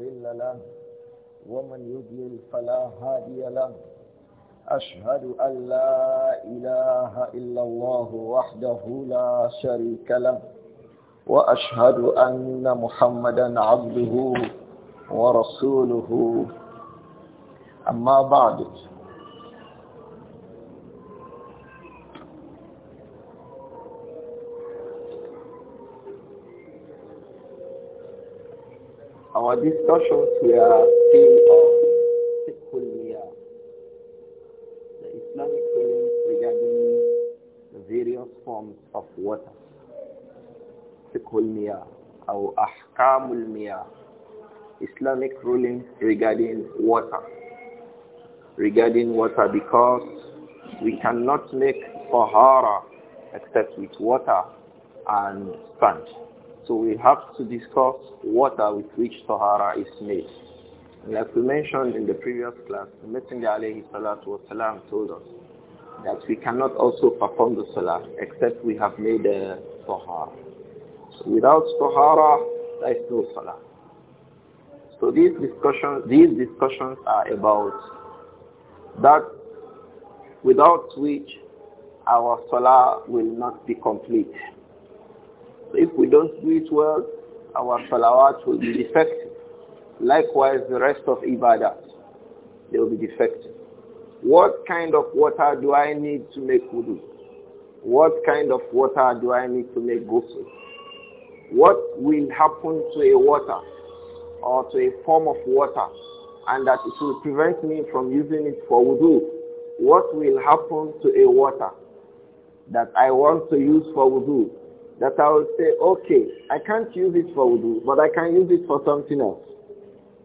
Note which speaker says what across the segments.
Speaker 1: مضل له ومن يضلل فلا هادي له أشهد أن لا إله إلا الله وحده لا شريك له وأشهد أن محمدا عبده ورسوله أما بعد Our discussions are still on Sikhulia, the Islamic rulings regarding the various forms of water. Sikhulia, or Ahkamul Miyah, Islamic rulings regarding water. Regarding water because we cannot make fahara except with water and sand. So we have to discuss water with which Sahara is made. And as we mentioned in the previous class, the Messenger alayhi salatu wasalam told us that we cannot also perform the Salah except we have made a Sahara. So without Sahara, there is no Salah. So these discussions, these discussions are about that without which our Salah will not be complete. So if we don't do it well, our salawat will be defective. Likewise, the rest of ibadah, they will be defective. What kind of water do I need to make wudu? What kind of water do I need to make ghusl? What will happen to a water or to a form of water and that it will prevent me from using it for wudu? What will happen to a water that I want to use for wudu that I will say, okay, I can't use it for wudu, but I can use it for something else.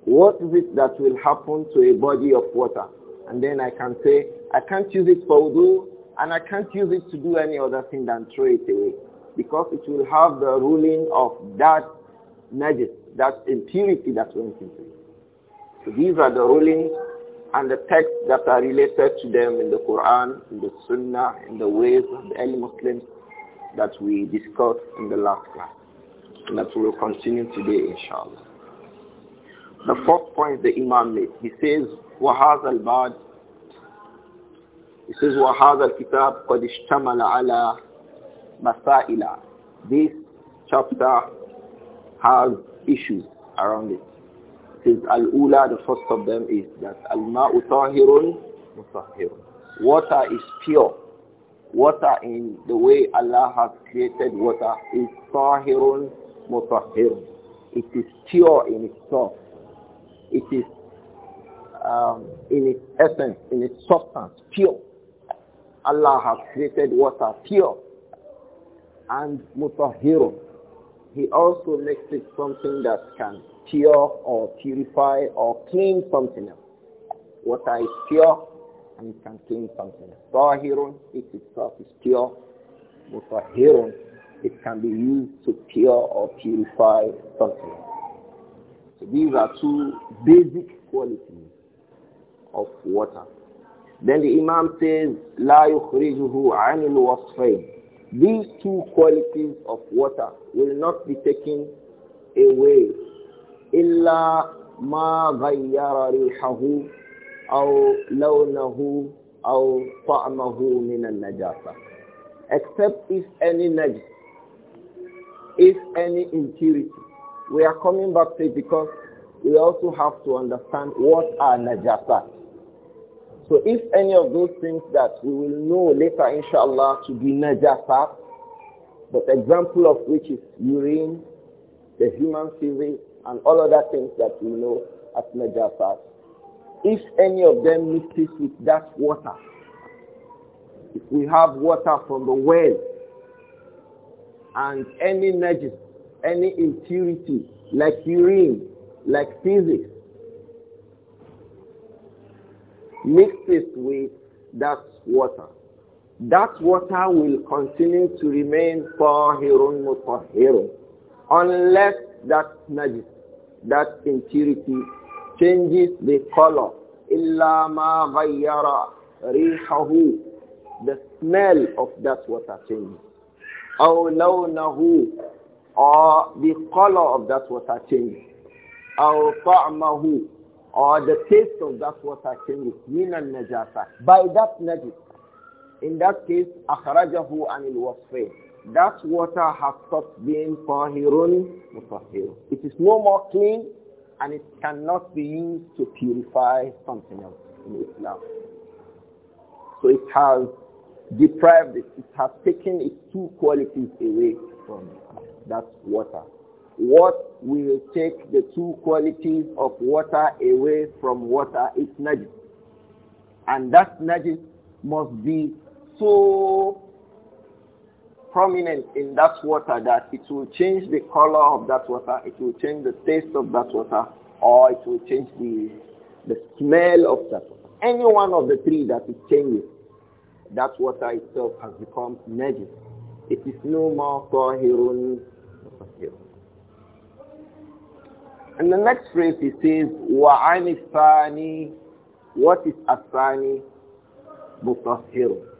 Speaker 1: What is it that will happen to a body of water? And then I can say, I can't use it for wudu, and I can't use it to do any other thing than throw it away. Because it will have the ruling of that najis, that impurity that went into it. So these are the rulings and the texts that are related to them in the Quran, in the Sunnah, in the ways of the early Muslims, that we discussed in the last class and that we will continue today inshallah. The fourth point the Imam made, he says, وَهَذَا bad He says, وَهَذَا الْكِتَابِ قَدْ اشْتَمَلَ عَلَى مَسَائِلَ This chapter has issues around it. says, Al-Ula, the first of them is that Al-Ma'u Tahirun Mutahirun. Water is pure Water in the way Allah has created water is tahirun mutahhirun. It is pure in itself. It is um, in its essence, in its substance, pure. Allah has created water pure and mutahhirun. He also makes it something that can pure or purify or clean something else. Water is pure and it can clean something. Tahirun, it itself is pure. Mutahirun, it can be used to pure or purify something. So these are two basic qualities of water. Then the Imam says, لا يخرجه عن الوصفين. These two qualities of water will not be taken away. إلا ما غير ريحه أو لونه أو طعمه من النجاسة except if any najis if any impurity we are coming back to it because we also have to understand what are najasa so if any of those things that we will know later inshallah to be najasa but example of which is urine the human feces and all other things that we know as najasa if any of them mixes with that water, if we have water from the well and any najis, any impurity, like urine, like physics, mixes with that water, that water will continue to remain for mutahhirun unless that najis, that impurity changes the color. Illa ma غَيَّرَ rihahu. The smell of that water changes. أَوْ لَوْنَهُ Or the color of that water changes. أَوْ taamahu Or the taste of that water changes. مِنَ najasa By that najis. In that case, akhrajahu anil الْوَصْفَيْنِ That water has stopped being fahirun مُطَهِّرٌ It is no more clean and it cannot be used to purify something else in Islam. So it has deprived it, it has taken its two qualities away from it. That's water. What will take the two qualities of water away from water is najis. And that najis must be so prominent in that water that it will change the color of that water, it will change the taste of that water, or it will change the, the smell of that water. Any one of the three that it changes, that water itself has become najis. It is no more tahirun. And the next phrase he says, وَعَنِ الثَّانِي What is asani? مُطَهِّرٌ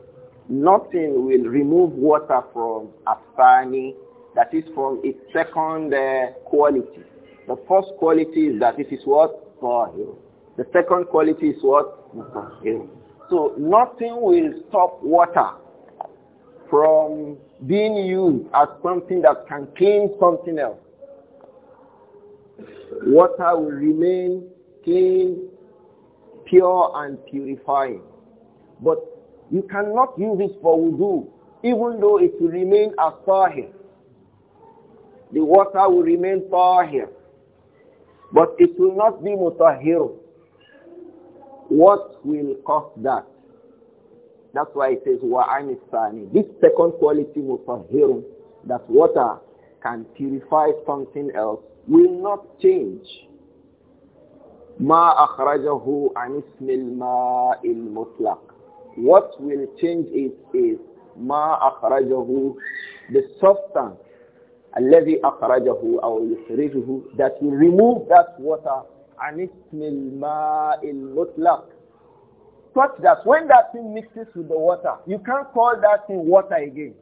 Speaker 1: nothing will remove water from Afani that is from its second uh, quality. The first quality is that it is what? Tahir. The second quality is what? Tahir. So nothing will stop water from being used as something that can clean something else. Water will remain clean, pure and purifying. But you cannot use it for wudu, even though it will remain as tahir. The water will remain tahir, but it will not be mutahhir. What will cause that? That's why it says wa'an isani. This second quality mutahhir, that water can purify something else, will not change. ما أخرجه عن اسم الماء المطلق what will change it is ma akhrajahu, the substance, الذي أخرجه أو يخرجه that will remove that water عن اسم الماء المطلق such that when that thing mixes with the water you can't call that thing water again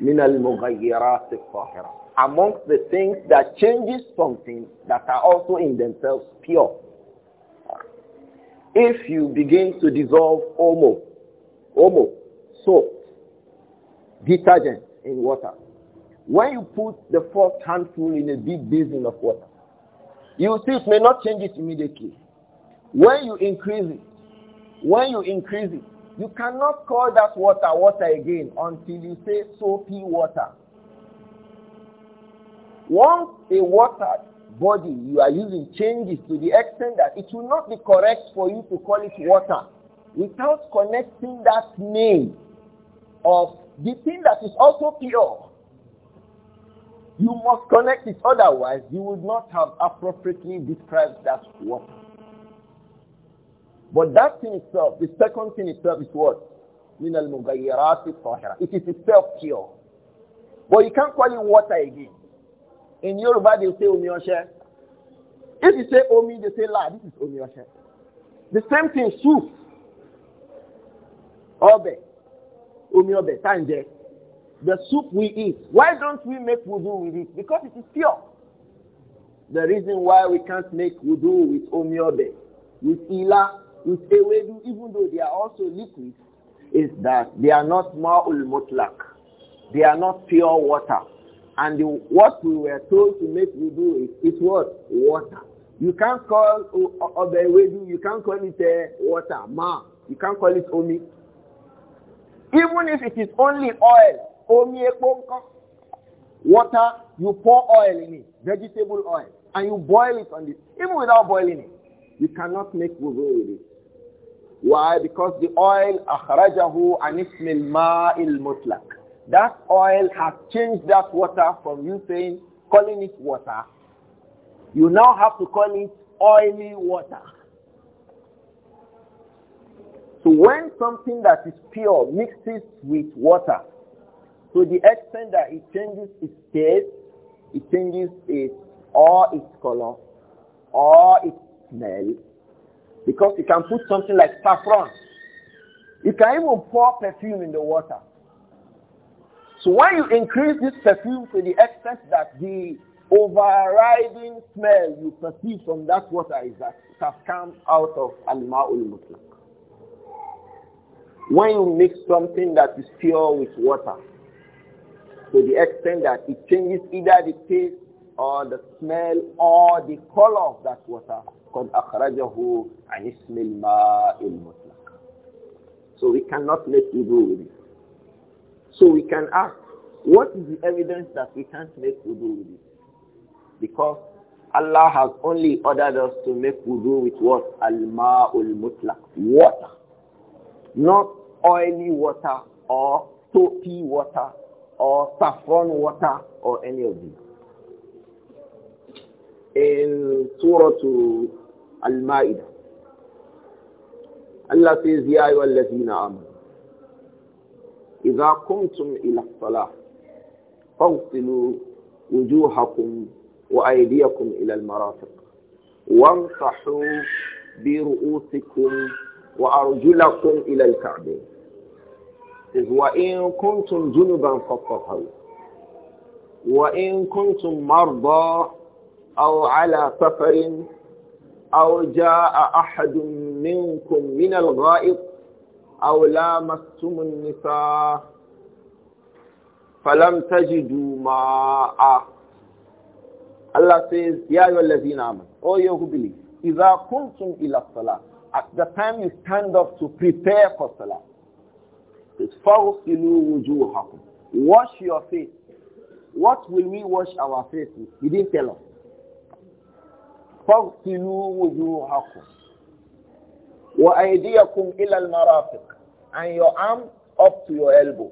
Speaker 1: من المغيرات الطاهرة amongst the things that changes something that are also in themselves pure if you begin to dissolve omo, omo, soap, detergent in water, when you put the first handful in a big basin of water, you see it may not change it immediately. When you increase it, when you increase it, you cannot call that water water again until you say soapy water. Once a water body you are using changes to the extent that it will not be correct for you to call it water without connecting that name of the thing that is also pure. You must connect it, otherwise you would not have appropriately described that water. But that thing itself, the second thing itself is what? Min al It is itself pure. But you can't call it water again. In Yoruba, they say omiyoshé. If you say omi, they say la. This is omiyoshé. The same thing, soup. Obe. omiyobe. tanje. The soup we eat. Why don't we make wudu with it? Because it is pure. The reason why we can't make wudu with omiyobe, with ila, with ewedu, even though they are also liquids, is that they are not ma'ul mutlak. They are not pure water. And the, what we were told to make wudu is, what? Water. You can't call Obewedu, you can't call it uh, water, ma. You can't call it omi. Even if it is only oil, omi eponko, water, you pour oil in it, vegetable oil, and you boil it on it. Even without boiling it, you cannot make wudu with it. Why? Because the oil, akhrajahu an ismil ma'il mutlaq. That oil has changed that water from you saying, calling it water. You now have to call it oily water. So when something that is pure mixes with water, to the extent that it changes its taste, it changes its or its color or its smell, because you can put something like saffron. You can even pour perfume in the water. So when you increase this perfume to the extent that the overriding smell you perceive from that water is that it has come out of al-ma'ul mutlaq. When you mix something that is pure with water, to the extent that it changes either the taste or the smell or the color of that water, قد أخرجه عن اسم الماء المطلق. So we cannot make do with it. So we can ask, what is the evidence that we can't make wudu with it? Because Allah has only ordered us to make wudu with what? Al-ma'ul mutlaq. Water. Not oily water or soapy water or saffron water or any of these. In Surah Al-Ma'idah, Allah says, Ya ayyuhallazina amanu. إذا قمتم إلى الصلاة فاغسلوا وجوهكم وأيديكم إلى المرافق وانصحوا برؤوسكم وأرجلكم إلى الكعبين وإن كنتم جنبا فاطهروا وإن كنتم مرضى أو على سفر أو جاء أحد منكم من الغائط أو لامستم النساء فلم تجدوا ماء Allah says, Ya ayyuhallazina amanu, O you who believe, إذا كنتم إلى الصلاة At the time you stand up to prepare for salah, فَغْسِلُوا وُجُوهَكُمْ Wash your face. What will we wash our face with? He didn't tell us. فَغْسِلُوا وُجُوهَكُمْ وَأَيْدِيَكُمْ إِلَى الْمَرَافِقِ And your arm up to your elbow.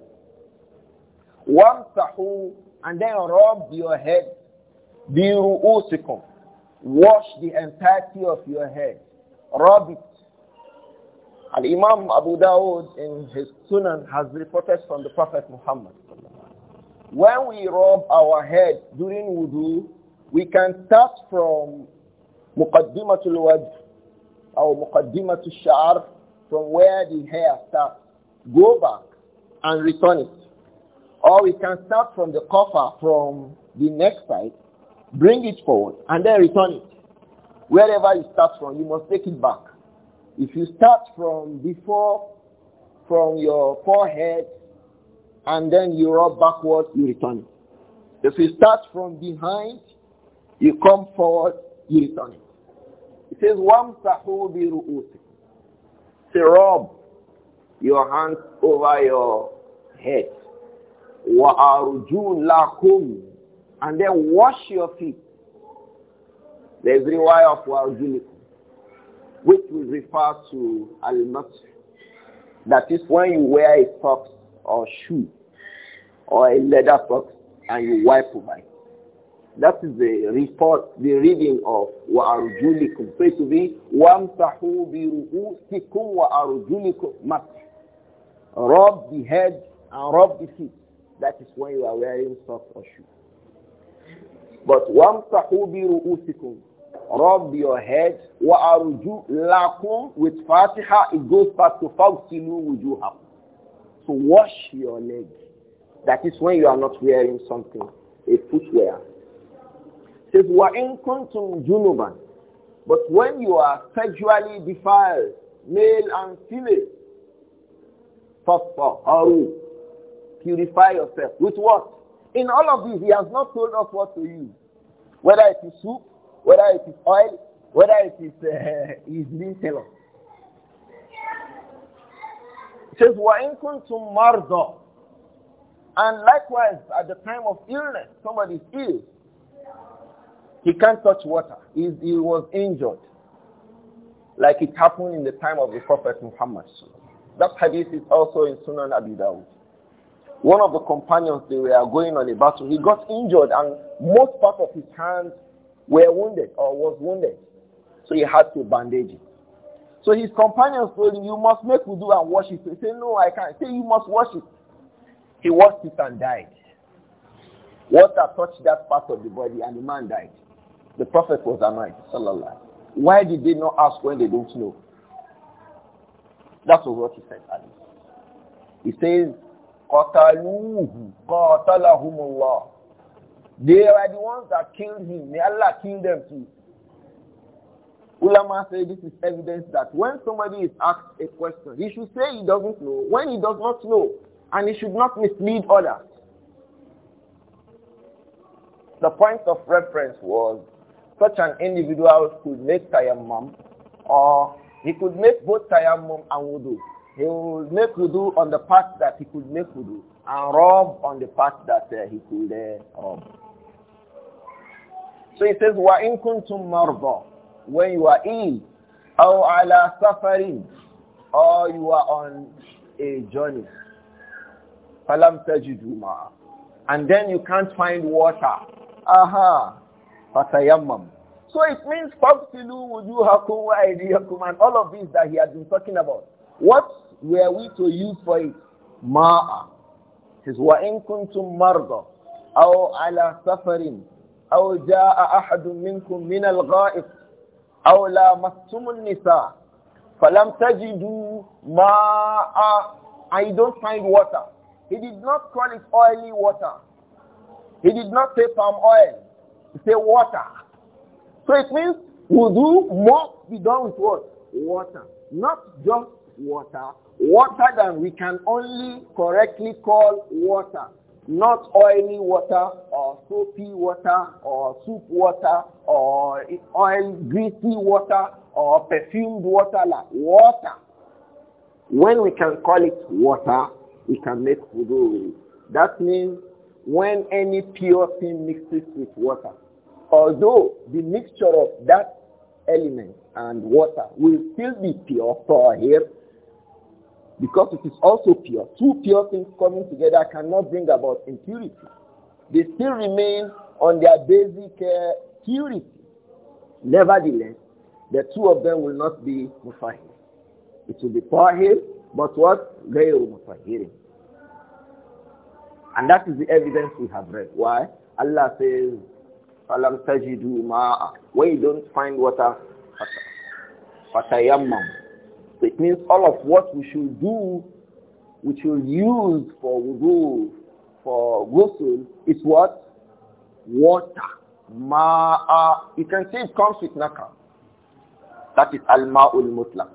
Speaker 1: وَامْسَحُوا And then rub your head. بِرُؤُوسِكُمْ Wash the entirety of your head. Rub it. Al-Imam Abu Dawud in his Sunan has reported from the Prophet Muhammad. When we rub our head during wudu, we can start from Muqaddimatul Wajh or muqaddimatu shar from where the hair starts. Go back and return it. Or we can start from the cover from the next side, bring it forward, and then return it. Wherever you start from, you must take it back. If you start from before, from your forehead, and then you roll backward, you return it. If you start from behind, you come forward, you return it. It says, وَامْسَحُوا bi Say, rub your hands over your head. وَأَرْجُلَكُمْ And then wash your feet. There is riwayah of وَأَرْجُلِكُمْ which will refer to al-masr. That is when you wear a socks or shoe or a leather socks and you wipe over it. That is the report, the reading of وَأَرْجُلِكُمْ Say to be وَامْسَحُوا بِرُؤُوسِكُمْ وَأَرْجُلِكُمْ مَسْحِ Rub the head and rub the feet. That is when you are wearing socks or shoes. But وَامْسَحُوا بِرُؤُوسِكُمْ Rub your head. وَأَرْجُلَكُمْ With Fatiha, it goes back to فَاغْسِلُوا وُجُوهَكُمْ So wash your legs. That is when you are not wearing something, a footwear says, وَإِن كُنْتُمْ Junuban. But when you are sexually defiled, male and female, فَطَّهَرُوا Purify yourself. With what? In all of these, he has not told us what to use. Whether it is soup, whether it is oil, whether it is, uh, he's been telling us. It says, And likewise, at the time of illness, somebody is ill. He can't touch water. He, he was injured. Like it happened in the time of the Prophet Muhammad. That hadith is also in Sunan Abi Dawud. One of the companions, they were going on a battle. He got injured and most part of his hands were wounded or was wounded. So he had to bandage it. So his companions told him, you must make wudu and wash it. He said, no, I can't. He said, you must wash it. He washed it and died. Water touched that part of the body and the man died. The Prophet was annoyed. Sallallahu Why did they not ask when they don't know? That was what he said. Ali. He says, قَتَلُوهُ قَاتَلَهُمُ They are the ones that killed him. May Allah kill them too. Ulama say this is evidence that when somebody is asked a question, he should say he doesn't know when he does not know, and he should not mislead others. The point of reference was such an individual could make tayammum or he could make both tayammum and wudu. He would make wudu on the part that he could make wudu and rub on the part that uh, he could uh, rub. So he says, وَإِن كُنْتُم مَرْضَى When you are ill, أو على سفر or you are on a journey, فَلَمْ تَجِدُوا مَعَ And then you can't find water. Aha! So it means Fafsilu wujuhakum wa aydiyakum and all of these that he had been talking about. What were we to use for it? Ma'a. It says, وَإِن كُنْتُم مَرْضَ أَوْ عَلَى سَفَرٍ أَوْ جَاءَ أَحَدٌ مِنْكُمْ مِنَ الْغَائِفِ أَوْ لَامَسْتُمُ النِّسَاءَ فَلَمْ تَجِدُوا مَاءً And don't find water. He did not call it oily water. He did not say palm oil say water. So it means do more be done with what? Water. Not just water. Water that we can only correctly call water. Not oily water or soapy water or soup water or oil greasy water or perfumed water like water. When we can call it water, we can make food. That means when any pure thing mixes with water, although the mixture of that element and water will still be pure for here, because it is also pure. Two pure things coming together cannot bring about impurity. They still remain on their basic uh, purity. Nevertheless, the two of them will not be mufahir. It will be tahir, but what? Ghayr mufahirin. And that is the evidence we have read. Why? Allah says, Alam tajidu ma'a. When you don't find water, fatayammam. So it means all of what we should do, which we use for wudu, for ghusl, is what? Water. Ma'a. You can see it comes with naka. That is al-ma'ul mutlaq.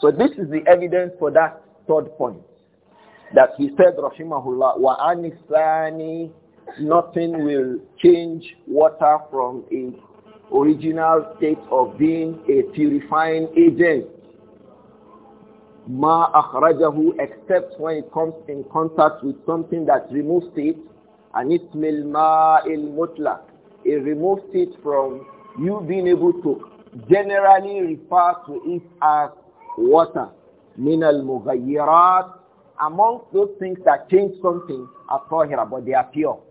Speaker 1: So this is the evidence for that third point. That he said, Rahimahullah, wa anisani nothing will change water from its original state of being a purifying agent. Ma akhrajahu except when it comes in contact with something that removes it and it mil ma'il mutlaq. It removes it from you being able to generally refer to it as water. Min al mughayyirat amongst those things that change something are tahira but they are pure.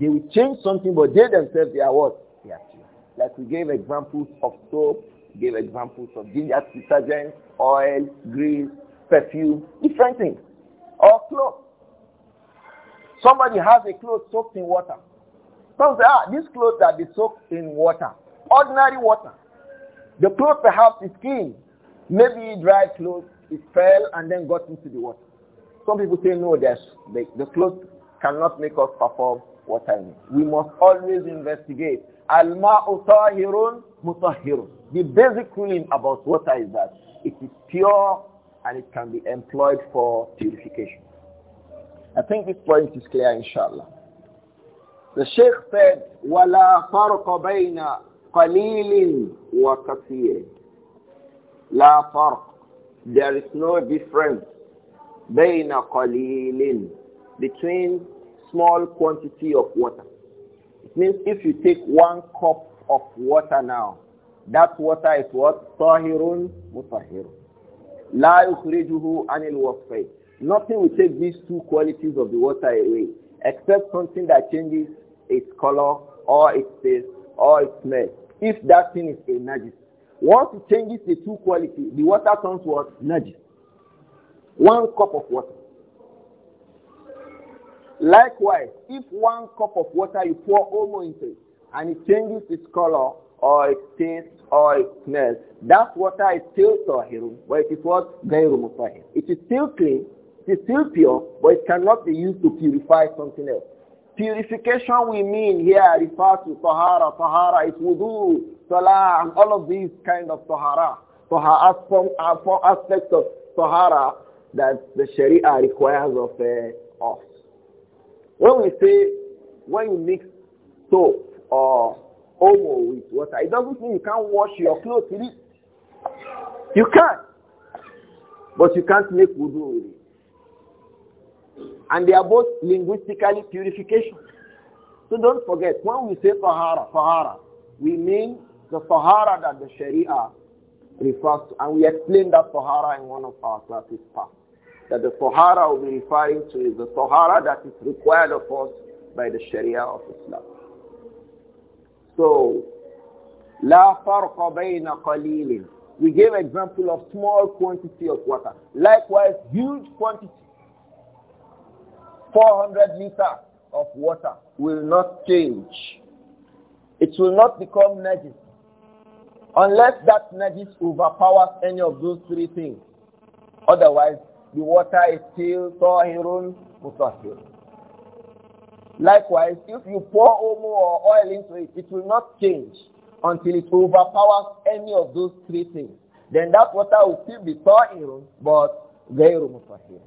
Speaker 1: They will change something, but they themselves, they are what? They are pure. Like we gave examples of soap, gave examples of ginger detergent, oil, grease, perfume, different things. Or clothes. Somebody has a cloth soaked in water. Some say, ah, this cloth they soaked in water, ordinary water. The cloth perhaps is clean. Maybe dry clothes it fell and then got into the water. Some people say, no, that the, the cloth cannot make us perform what I mean, We must always investigate. Al-ma'u tahirun mutahhirun. The basic ruling about water is that it is pure and it can be employed for purification. I think this point is clear, inshallah. The Sheikh said, وَلَا فَرْقَ بَيْنَ قَلِيلٍ وَكَثِيرٍ la فَرْقَ There is no difference بَيْنَ قَلِيلٍ between small quantity of water. It means if you take one cup of water now, that water is what? Tahirun mutahirun. La yukhrijuhu anil Nothing will take these two qualities of the water away, except something that changes its color or its taste or its smell. If that thing is a najis. Once it changes the two qualities, the water turns what? Najis. One cup of water. Likewise, if one cup of water you pour omo into it, and it changes its color, or it taste or it smells, that water is still tahirun, but it is what? Gairu mutahir. It is still clean, it is still pure, but it cannot be used to purify something else. Purification we mean here refers to tahara, tahara is wudu, salah, and all of these kind of tahara. Tahara, some, four aspects of tahara that the Sharia requires of uh, us. When we say, when you mix soap or omo with water, it doesn't mean you can't wash your clothes with it. You can. But you can't make wudu with it. And they are both linguistically purification. So don't forget, when we say Sahara, Sahara, we mean the Sahara that the Sharia refers to. And we explained that Sahara in one of our classes past that the Sahara will be referring to is the Sahara that is required of us by the Sharia of Islam. So, لا فرق بين قليل We gave example of small quantity of water. Likewise, huge quantity, 400 liters of water will not change. It will not become najis unless that najis overpowers any of those three things. Otherwise, the water is still tahirun mutahhir. Likewise, if you pour omo or oil into it, it will not change until it overpowers any of those three things. Then that water will still be tahirun, but ghayru mutahhir.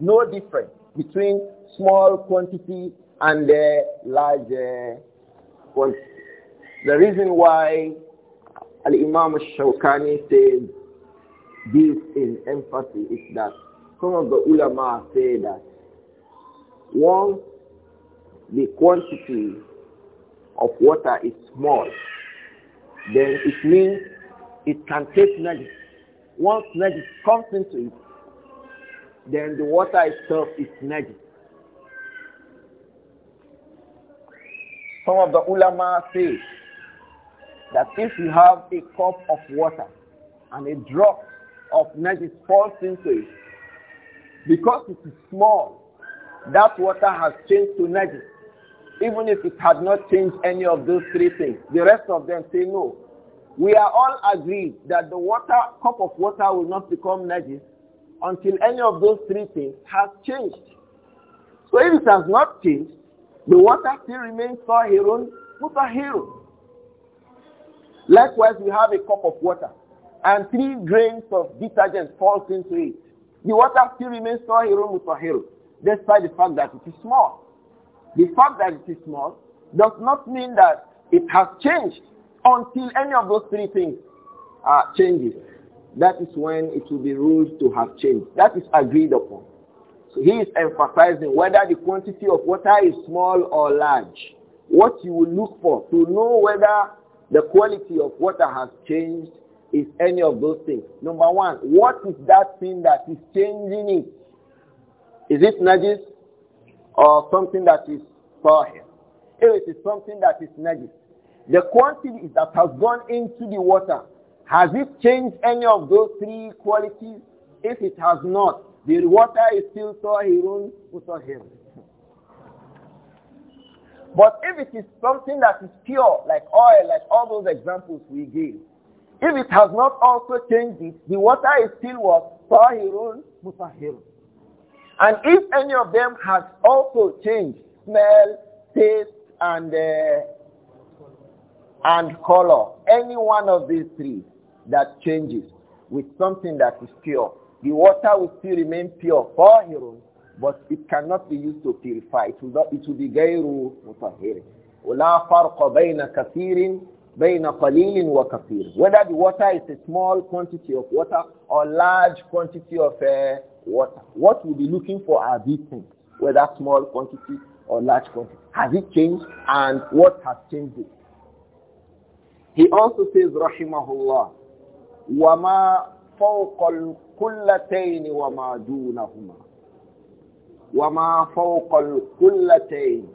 Speaker 1: No difference between small quantity and the large quantity. The reason why Al-Imam al-Shawkani says this in emphasis is that some of the ulama say that once the quantity of water is small, then it means it can take magic. Once magic comes into it, then the water itself is magic. Some of the ulama say that if you have a cup of water and a drop of magic falls into it, because it is small, that water has changed to najis. Even if it had not changed any of those three things, the rest of them say no. We are all agreed that the water, cup of water will not become najis until any of those three things has changed. So if it has not changed, the water still remains tahirun mutahirun. Likewise, we have a cup of water and three grains of detergent falls into it the water still remains tahirun mutahhirun, despite the fact that it is small. The fact that it is small does not mean that it has changed until any of those three things uh, changes. That is when it will be ruled to have changed. That is agreed upon. So he is emphasizing whether the quantity of water is small or large. What you will look for to know whether the quality of water has changed is any of those things. Number one, what is that thing that is changing it? Is it najis or something that is tahir? If it is something that is najis, the quantity that has gone into the water, has it changed any of those three qualities? If it has not, the water is still tahirun mutahirun. But if it is something that is pure, like oil, like all those examples we gave, if it has not also changed it, the water is still what? Tahirun mutahirun. And if any of them has also changed smell, taste, and uh, and color, any one of these three that changes with something that is pure, the water will still remain pure for but it cannot be used to purify. It will, not, it will be gairu mutahirun. ولا فرق بين كثير whether the water is a small quantity of water or large quantity of uh, water what we'll be looking for are these things whether small quantity or large quantity has it changed and what has changed it he also says rahimahullah وما فوق القلتين وما دونهما وما فوق القلتين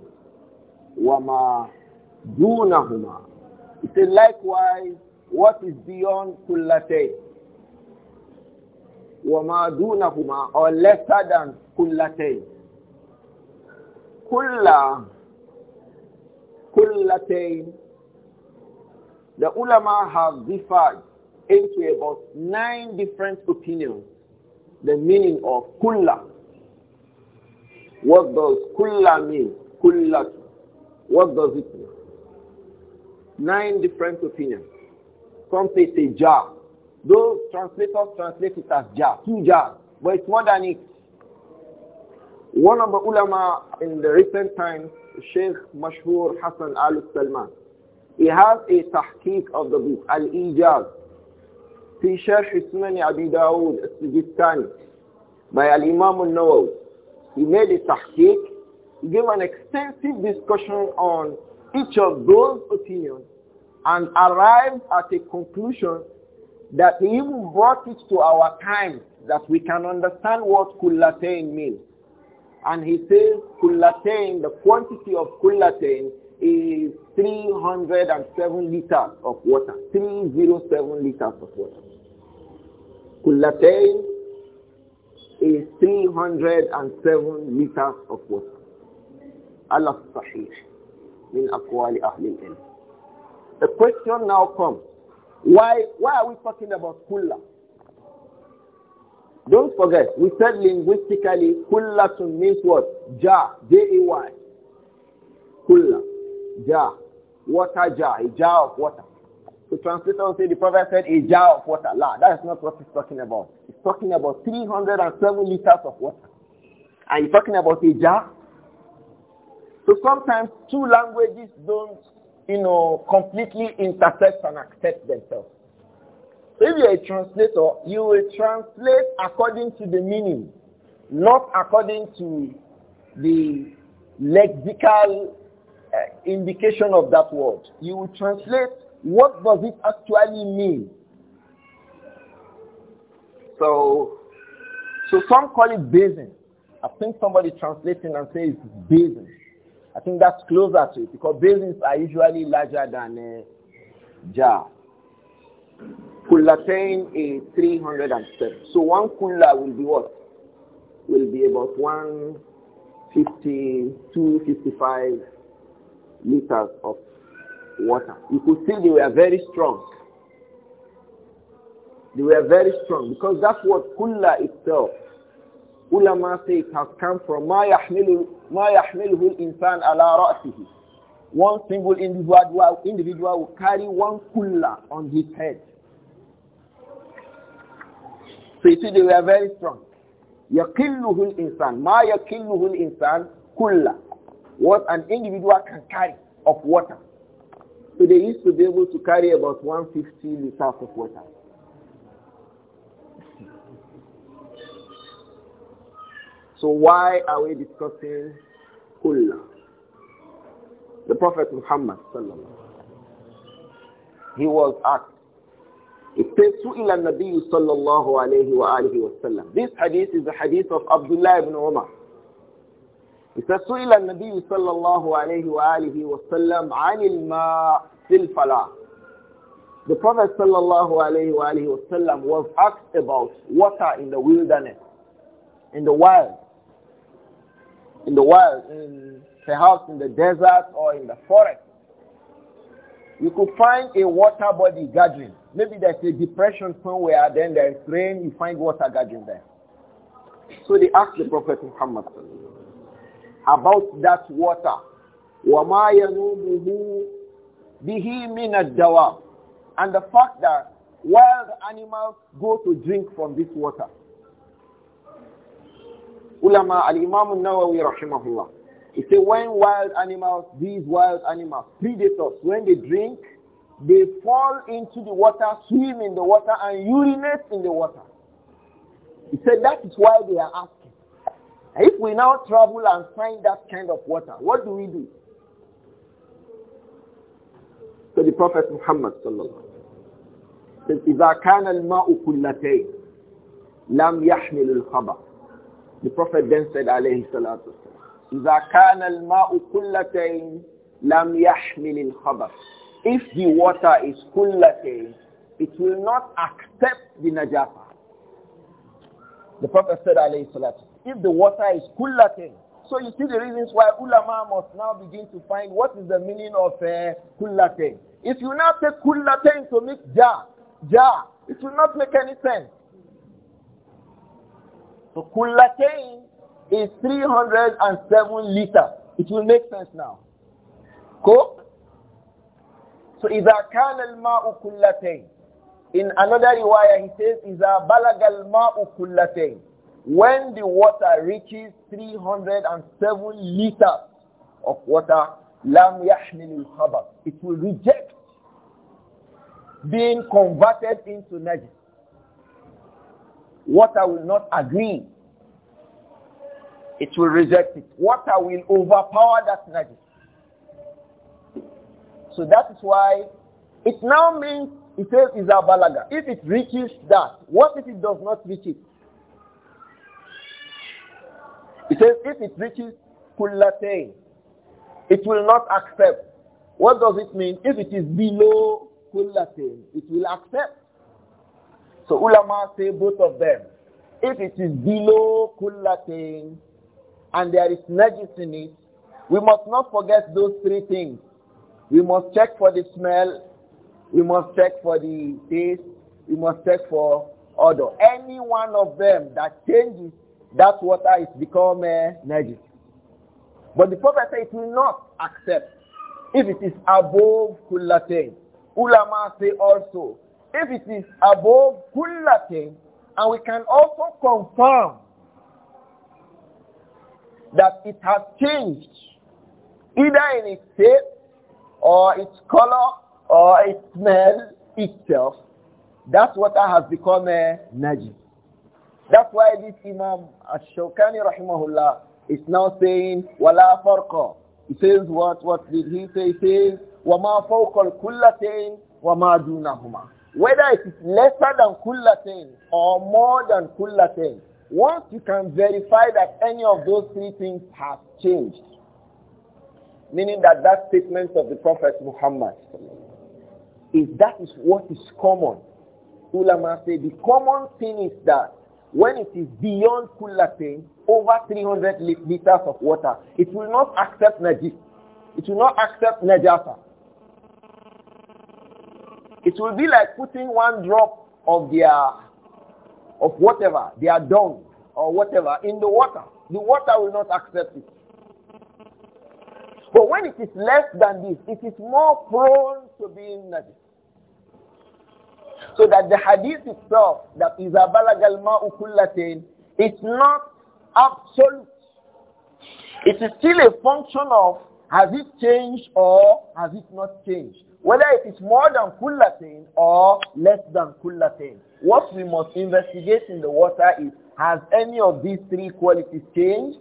Speaker 1: وما دونهما he said, likewise, what is beyond kullate, وَمَا دُونَهُمَا Or lesser than kullate. Kulla, kullatay. The ulama have differed into about nine different opinions the meaning of kulla. What does kulla mean? Kulla. What does it mean? nine different opinions. Some say it's a jar. Those translators translate it as jar, two jars, but it's more than it. One of the ulama in the recent times, Sheikh Mashhur Hassan Al Salman, he has a tahqiq of the book, Al Ijaz, في شرح سنن أبي داود السجستاني by Al Imam Al Nawawi. He made a tahqiq, he gave an extensive discussion on each of those opinions and arrived at a conclusion that he even brought it to our time that we can understand what kullatain means. And he says kullatain, the quantity of kullatain is 307 liters of water. 307 liters of water. Kullatain is 307 liters of water. Allah Sahih min aqwali ahli al The question now comes, why, why are we talking about kulla? Don't forget, we said linguistically, kulla means what? Ja, J-A-Y. Kulla, ja, water jar, a jar of water. The translator will say the prophet said a jar of water. La, that is not what he's talking about. He's talking about 307 liters of water. And he's talking about a jar so sometimes two languages don't, you know, completely intersect and accept themselves. So if you're a translator, you will translate according to the meaning, not according to the lexical uh, indication of that word. You will translate what does it actually mean. So, so some call it basin. I think somebody translating and says it's basin. I think that's closer to it because basins are usually larger than a uh, jar. Kullatain is 307. So one kulla will be what? Will be about 150, 255 liters of water. You could see they were very strong. They were very strong because that's what kulla itself Ulama say it has come from ma yahmilu insan ala ra'sihi. One single individual, individual will carry one kulla on his head. So you see they were very strong. يَقِلُّهُ insan. مَا يَقِلُّهُ الْإِنسَانِ kulla. What an individual can carry of water. So they used to be able to carry about 150 liters of water. So why are we discussing kulla? The Prophet Muhammad he was asked. It says, سُئِلَ النَّبِيُّ صَلَّى اللَّهُ عَلَيْهِ وَآلِهِ وَسَلَّمُ This hadith is the hadith of Abdullah ibn Umar. It says, سُئِلَ النَّبِيُّ صَلَّى اللَّهُ عَلَيْهِ وَآلِهِ وَسَلَّمُ عَنِ الْمَاءِ فِي الْفَلَاةِ The Prophet sallallahu alayhi wa was asked about water in the wilderness, in the wild in the wild, in, perhaps in the desert or in the forest. You could find a water body gathering. Maybe there's a depression somewhere, then there's rain, you find water gathering there. So they asked the Prophet Muhammad about that water. وَمَا يَنُوبُهُ بِهِ مِنَ الدَّوَابِ And the fact that wild animals go to drink from this water ulama al-Imam nawawi rahimahullah. He said when wild animals, these wild animals, predators, when they drink, they fall into the water, swim in the water, and urinate in the water. He said that is why they are asking. If we now travel and find that kind of water, what do we do? So the Prophet Muhammad sallallahu says, إذا كان الماء كلتين لم يحمل الخبر the Prophet then said, alayhi salatu إِذَا كَانَ الْمَاءُ كُلَّتَيْنِ لَمْ يَحْمِلِ الْخَبَرِ If the water is kullatain, it will not accept the najafa. The Prophet said, alayhi salatu if the water is kullatain, so you see the reasons why ulama must now begin to find what is the meaning of uh, If you now take kullatain to make ja, ja, it will not make any sense. So kullatain is 307 liters. It will make sense now. Cool? So إذا كان الماء كلتين in another riwayah he says إذا بلغ الماء كلتين when the water reaches 307 liters of water لم يحمل الخبر it will reject being converted into najis Water will not agree. It will reject it. Water will overpower that najis. So that is why it now means, it says, is a balaga. If it reaches that, what if it does not reach it? It says, if it reaches kullatain, it will not accept. What does it mean? If it is below kullatain, it will accept.
Speaker 2: So ulama
Speaker 1: say both of them. If it is below kullatin and there is najis in it, we must not forget those three things. We must check for the smell, we must check for the taste, we must check for odor. Any one of them that changes, that water is become a najis. But the Prophet said it will not accept if it is above kullatain. Ulama say also if it is above kullatin, and we can also confirm that it has changed, either in its shape, or its color, or its smell itself, that water has become a eh, najis. That's why this Imam Ash-Shawkani rahimahullah is now saying wala farqa. He says what what did he say? He says wama fawqa al-kullatain wama dunahuma whether it is lesser than kullatain or more than kullatain, once you can verify that any of those three things have changed, meaning that that statement of the Prophet Muhammad if that is what is common. Ulama say the common thing is that when it is beyond kullatain, over 300 liters of water, it will not accept najis. It will not accept najasa it will be like putting one drop of their, of whatever, are done or whatever in the water. The water will not accept it. But when it is less than this, it is more prone to being najis. So that the hadith itself, that is abalagal ma'u kullatain, is not absolute. It is still a function of has it changed or has it not changed whether it is more than kullatain or less than kullatain. What we must investigate in the water is, has any of these three qualities changed?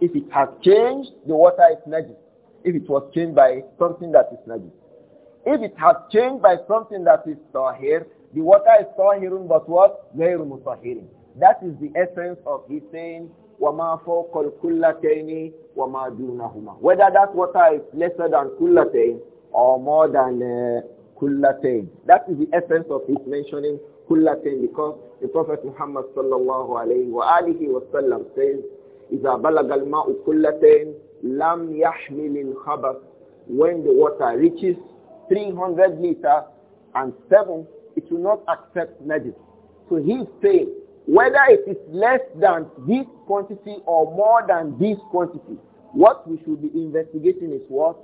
Speaker 1: If it has changed, the water is najis. If it was changed by something that is najis. If it has changed by something that is tahir, the water is tahirun but what? Ghairu mutahirin. That is the essence of his saying, وَمَا فَوْقَ الْكُلَّتَيْنِ وَمَا دُونَهُمَا Whether that water is lesser than kullatain or more than uh, That is the essence of his mentioning kullatain because the Prophet Muhammad sallallahu alayhi wa alihi wa sallam says, إِذَا بَلَغَ الْمَاءُ كُلَّتَيْنِ لَمْ يَحْمِلِ الْخَبَثِ When the water reaches 300 liters and 7, it will not accept medicine. So he's saying, whether it is less than this quantity or more than this quantity, what we should be investigating is what?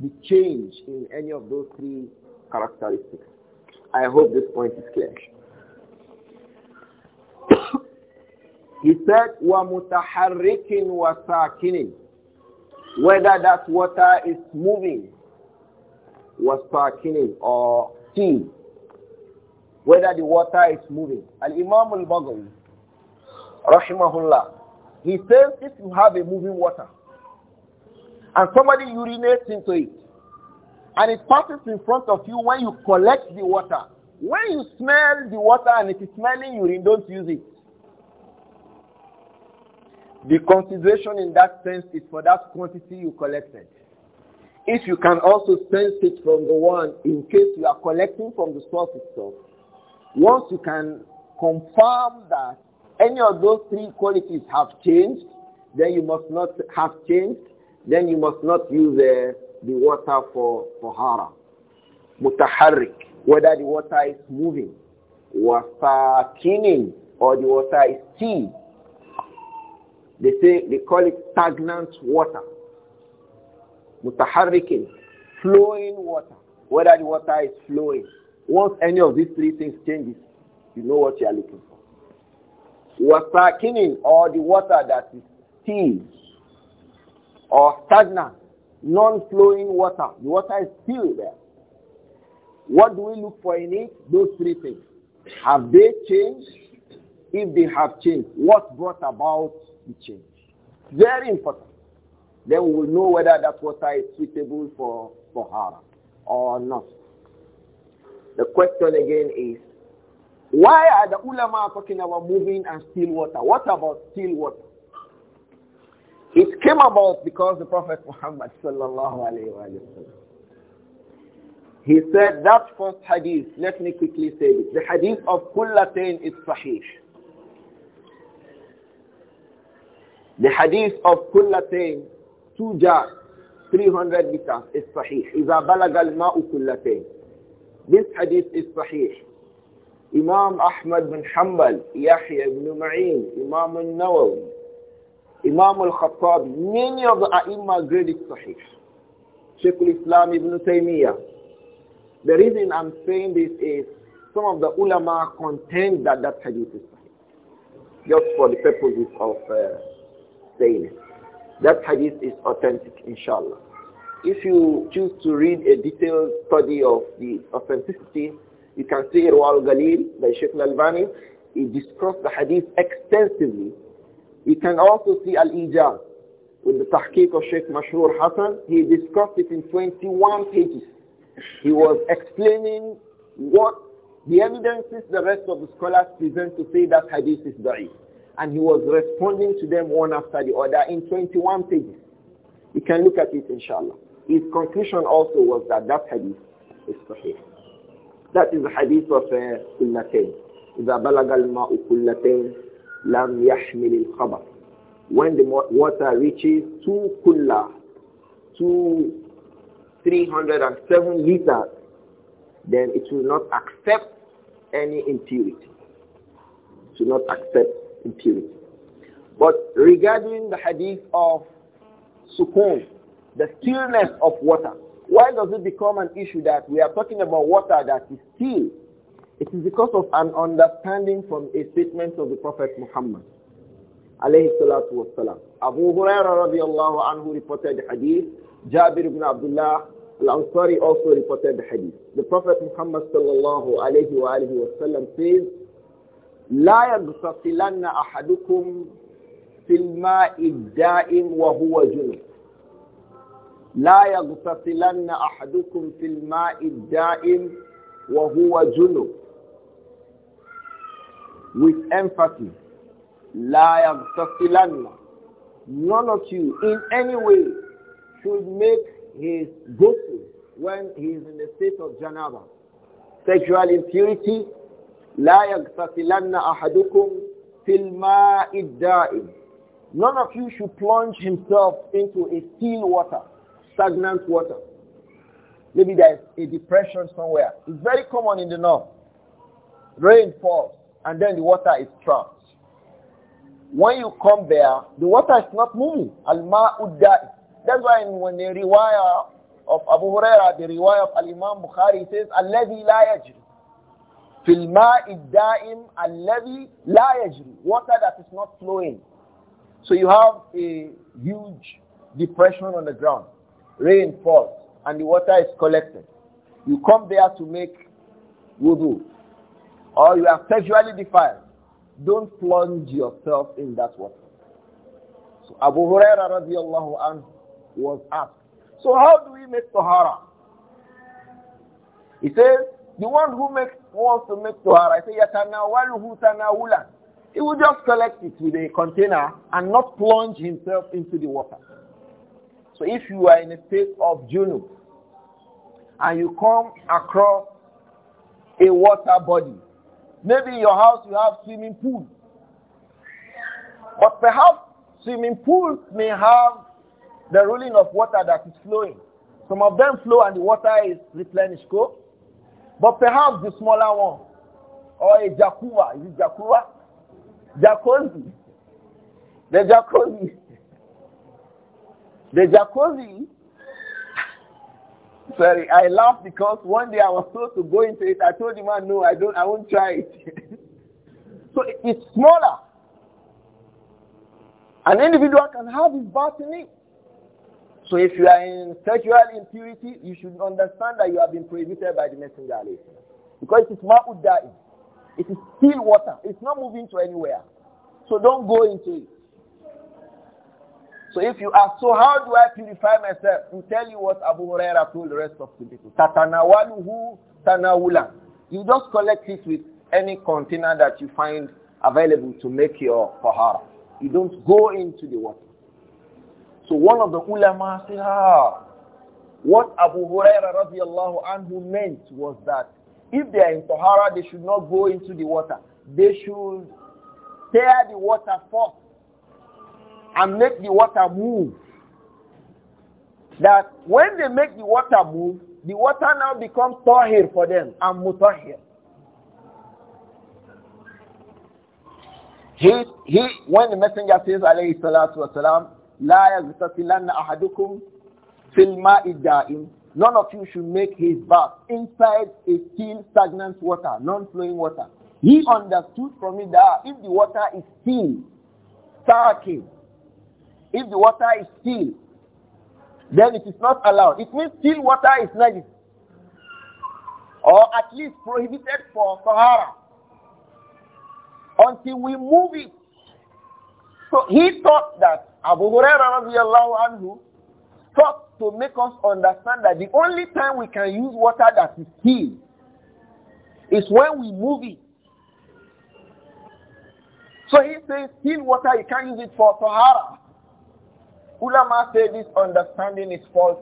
Speaker 1: The change in any of those three characteristics. I hope this point is clear. he said, وَمُتَحَرِّكٍ وَسَاكِنٍ Whether that water is moving, وَسَاكِنٍ or still, whether the water is moving. Al-Imam al-Baghawi, rahimahullah, he says if you have a moving water, and somebody urinates into it, and it passes in front of you when you collect the water. When you smell the water and it is smelling urine, don't use it. The consideration in that sense is for that quantity you collected. If you can also sense it from the one in case you are collecting from the source itself, once you can confirm that any of those three qualities have changed, then you must not have changed then you must not use uh, the water for tahara. Mutaharrik, whether the water is moving, wasakinin, or the water is still. They say, they call it stagnant water. Mutaharrikin, flowing water, whether the water is flowing. Once any of these three things changes, you know what you are looking for. Wasakinin, or the water that is still or stagnant, non-flowing water. The water is still there. What do we look for in it? Those three things. Have they changed? If they have changed, what brought about the change? Very important. Then we will know whether that water is suitable for her or not. The question again is, why are the ulama talking about moving and still water? What about still water? It came about because the Prophet Muhammad sallallahu alayhi wa He said that first hadith, let me quickly say this. The hadith of Kullatain is sahih. The hadith of Kullatain, two jars, 300 meters, is sahih. إِذَا بَلَغَ الْمَاءُ كُلَّتَيْنِ This hadith is sahih. Imam Ahmad bin Hanbal, Yahya ibn Ma'in, Imam al-Nawawi, Imam al-Khattab, many of the A'imma grade it Sahih. Sheikh al-Islam ibn Taymiyyah. The reason I'm saying this is some of the ulama contend that that hadith is sahih. Just for the purposes of uh, saying it. That hadith is authentic, inshallah. If you choose to read a detailed study of the authenticity, you can see Irwal Galil by Sheikh Al-Albani. He discussed the hadith extensively we can also see Al-Ijaz with the Tahqiq of Sheikh Mashroor Hassan. He discussed it in 21 pages. He was explaining what the evidences the rest of the scholars present to say that hadith is da'if. And he was responding to them one after the other in 21 pages. You can look at it inshallah. His conclusion also was that that hadith is sahih. That is the hadith of uh, Kullatayn. إذا بلغ الماء كلتين when the water reaches two kulla two 307 liters then it will not accept any impurity it will not accept impurity but regarding the hadith of sukun the stillness of water why does it become an issue that we are talking about water that is still it is because of an understanding from a statement of the Prophet Muhammad. Alayhi salatu wasalam. Abu Hurairah radiallahu anhu reported the hadith. Jabir ibn Abdullah al-Ansari also reported the hadith. The Prophet Muhammad sallallahu alayhi wa alihi wasallam says, لا يغتسلن أحدكم في الماء الدائم وهو جنب لا يغتسلن أحدكم في الماء الدائم وهو جنب with emphasis. La yagtasilanna. None of you in any way should make his ghusl when he is in the state of janaba. Sexual impurity. La yagtasilanna ahadukum fil ma'id None of you should plunge himself into a still water, stagnant water. Maybe there is a depression somewhere. It's very common in the north. Rain falls and then the water is trapped. When you come there, the water is not moving. al Ma'udah. That's why when the riwayah of Abu Huraira, the riwayah of Al-Imam Bukhari says, Alladhi la yajri. Fil ma'i da'im alladhi la yajri. Water that is not flowing. So you have a huge depression on the ground. Rain falls and the water is collected. You come there to make wudu or you are sexually defiled, don't plunge yourself in that water. So Abu Huraira radiallahu anhu was asked, so how do we make tahara? He says, the one who makes, wants to make tahara, I say, yatanawaluhu tanawulan. He will just collect it with a container and not plunge himself into the water. So if you are in a state of junub and you come across a water body Maybe in your house you have swimming pool. But perhaps swimming pools may have the ruling of water that is flowing. Some of them flow and the water is replenished. Go. But perhaps the smaller one, or a jakuwa, is it jakuwa? Jacuzzi. The jacuzzi. The jacuzzi Sorry, I laughed because one day I was told to go into it. I told the man, no, I don't, I won't try it. so it, it's smaller. An individual can have his bath in it. So if you are in sexual impurity, you should understand that you have been prohibited by the messenger. Because it is ma'uddai. It is still water. It's not moving to anywhere. So don't go into it. So if you ask, so how do I purify myself? We'll tell you what Abu Huraira told the rest of the people. Tatanawaluhu tanawula. You just collect it with any container that you find available to make your tahara. You don't go into the water. So one of the ulama said, ah, what Abu Huraira radiallahu anhu meant was that if they are in tahara, they should not go into the water. They should tear the water first and make the water move. That when they make the water move, the water now becomes tahir for them and mutahir. He, he, when the messenger says, alayhi salatu wasalam, la yagtasilanna ahadukum fil ma'i da'im, none of you should make his bath inside a still stagnant water, non-flowing water. He understood from it that if the water is still, starting, if the water is still, then it is not allowed. It means still water is najis. Or at least prohibited for Sahara. Until we move it. So he thought that Abu Hurairah anhu thought to make us understand that the only time we can use water that is still is when we move it. So he says still water, you can't use it for Sahara. Ulama say this understanding is false.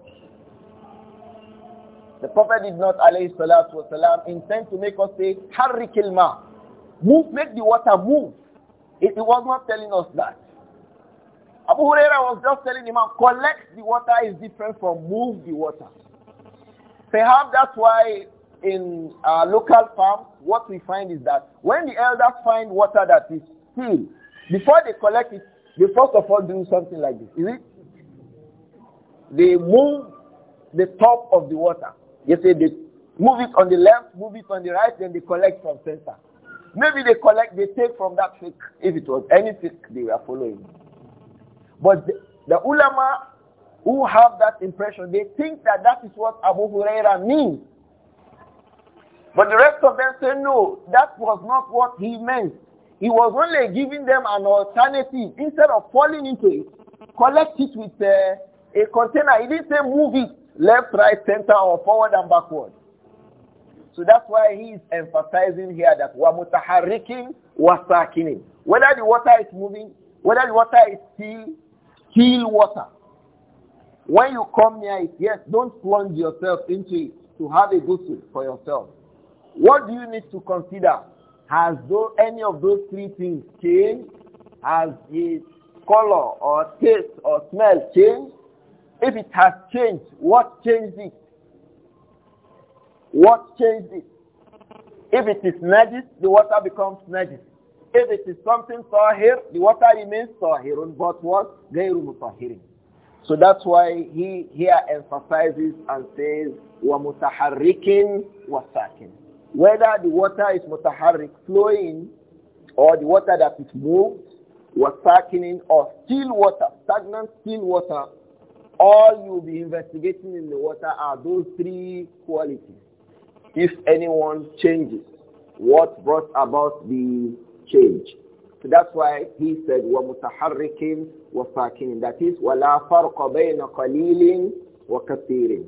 Speaker 1: The Prophet did not, alayhi salatu wasalam, intend to make us say, Harrik ilma. Move, make the water move. It, was not telling us that. Abu Huraira was just telling him, collect the water is different from move the water. Perhaps that's why in our local farms, what we find is that when the elders find water that is still, before they collect it, they first of all do something like this. Is it? they move the top of the water. They say they move it on the left, move it on the right, then they collect from center. Maybe they collect, they take from that fiqh, if it was any fiqh they were following. But the, the ulama who have that impression, they think that that is what Abu Huraira means. But the rest of them say, no, that was not what he meant. He was only giving them an alternative. Instead of falling into it, collect it with uh, a container, he didn't say move it left, right, center, or forward and backward. So that's why he is emphasizing here that wa mutaharikin wa sakinin. Whether the water is moving, whether the water is still, still water. When you come near it, yes, don't plunge yourself into it to have a good for yourself. What do you need to consider? Has though any of those three things changed? Has its color or taste or smell changed? If it has changed, what changed it? What changed it? If it is najis, the water becomes najis. If it is something tahir, the water remains tahirun, but what? Gayru mutahirin. So that's why he here emphasizes and says, wa mutaharrikin wa sakin. Whether the water is mutaharrik, flowing, or the water that is moved, was sakinin, or still water, stagnant still water, all you'll be investigating in the water are those three qualities. If anyone changes, what brought about the change? So that's why he said, وَمُتَحَرِّكٍ وَسَاكِنٍ That is, وَلَا فَرْقَ بَيْنَ قَلِيلٍ وَكَثِيرٍ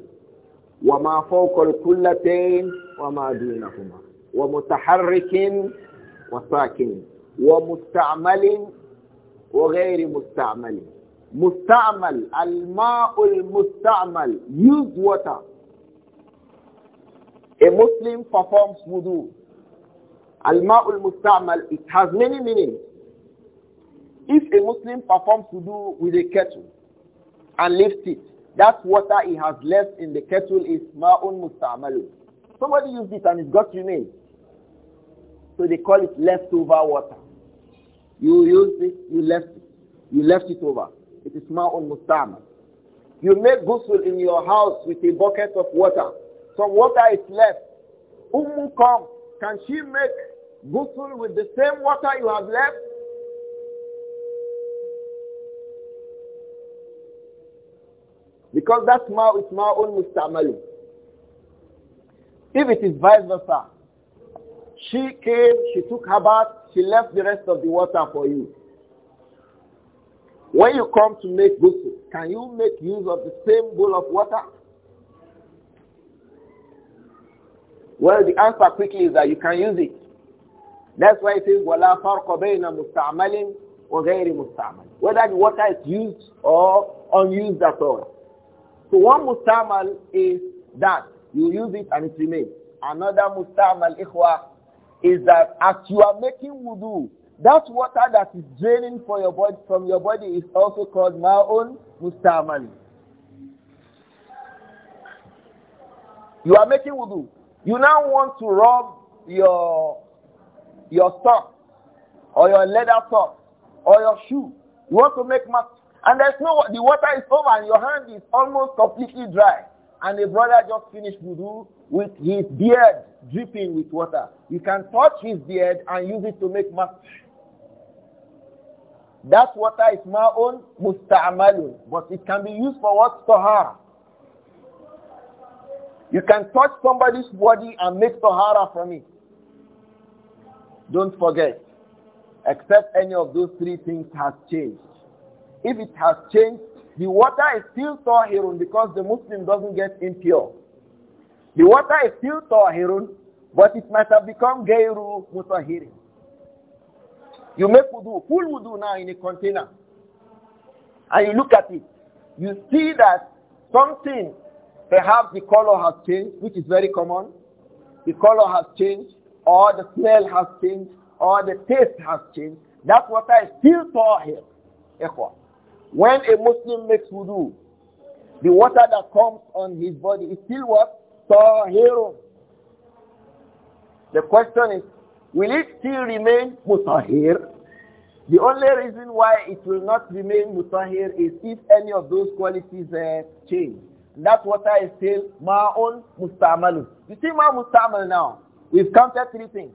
Speaker 1: وَمَا فَوْقَ الْكُلَّتَيْنِ وَمَا دُونَهُمَا وَمُتَحَرِّكٍ وَسَاكِنٍ وَمُسْتَعْمَلٍ وَغَيْرِ مُسْتَعْمَلٍ Musta'mal, al-ma'ul musta'mal, used water. A Muslim performs wudu. Al-ma'ul musta'mal, it has many meanings. If a Muslim performs wudu with a kettle and lifts it, that water he has left in the kettle is ma'un musta'mal. Somebody used it and it got remained. So they call it leftover water. You used it, you left it, you left it over. It is ma'un mustam. You make ghusl in your house with a bucket of water. Some water is left. Ummu come. Can she make ghusl with the same water you have left? Because that's ma is Mr. mustamalu. If it is vice versa, she came, she took her bath, she left the rest of the water for you. When you come to make ghusl, can you make use of the same bowl of water? Well, the answer quickly is that you can use it. That's why it says, وَلَا فَرْقَ بَيْنَ مُسْتَعْمَلٍ وَغَيْرِ مُسْتَعْمَلٍ Whether the water is used or unused at all. So one mustamal is that you use it and it remains. Another mustamal ikhwa is that as you are making wudu, that water that is draining for your body, from your body is also called ma'un mustamali. You are making wudu. You now want to rub your your sock or your leather sock or your shoe. You want to make mask. And there's no the water is over and your hand is almost completely dry. And the brother just finished wudu with his beard dripping with water. You can touch his beard and use it to make mask. That water is ma'un musta'amalun, but it can be used for what? Tahara. You can touch somebody's body and make tahara from it. Don't forget, except any of those three things has changed. If it has changed, the water is still tahirun because the Muslim doesn't get impure. The water is still tahirun, but it might have become gairu mutahirin. You make wudu, full wudu now in a container. And you look at it. You see that something, perhaps the color has changed, which is very common. The color has changed, or the smell has changed, or the taste has changed. That water is still tahir. When a Muslim makes wudu, the water that comes on his body is still what? Tahir. The question is, will it still remain mutahir? The only reason why it will not remain mutahir is if any of those qualities uh, change. And that water is still ma'un mustamalu. You see ma mustamal now. We've counted three things.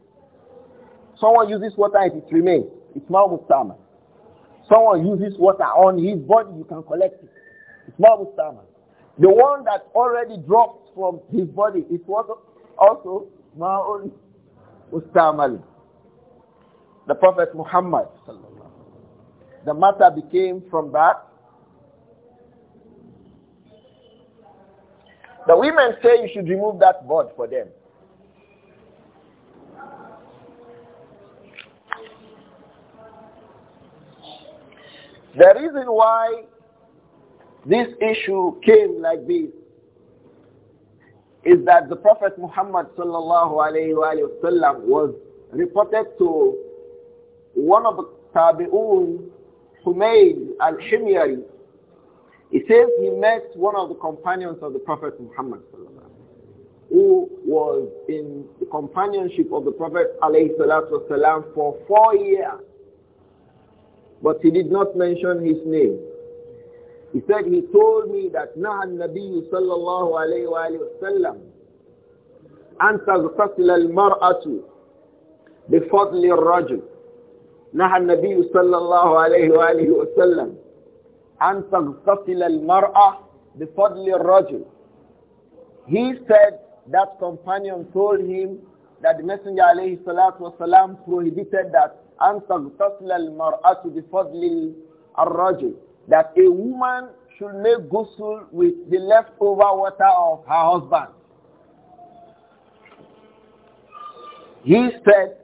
Speaker 1: Someone uses water and it remains. It's ma mustamal. Someone uses water on his body, you can collect it. It's ma mustamal. The one that already dropped from his body was also ma'un Ustamal. The Prophet Muhammad. The matter became from that. The women say you should remove that board for them. The reason why this issue came like this is that the Prophet Muhammad sallallahu alayhi wasallam was reported to one of the Tabi'un, Humayd al-Himyari. He says he met one of the companions of the Prophet Muhammad who was in the companionship of the Prophet for four years. But he did not mention his name. He said, he told me that نهى النبي صلى الله عليه وآله وسلم أن تغتسل المرأة بفضل الرجل نهى النبي صلى الله عليه وآله وسلم أن تغتسل المرأة بفضل الرجل He said that companion told him that the Messenger عليه الصلاة والسلام prohibited that أن تغتسل المرأة بفضل الرجل that a woman should make ghusl with the leftover water of her husband. He said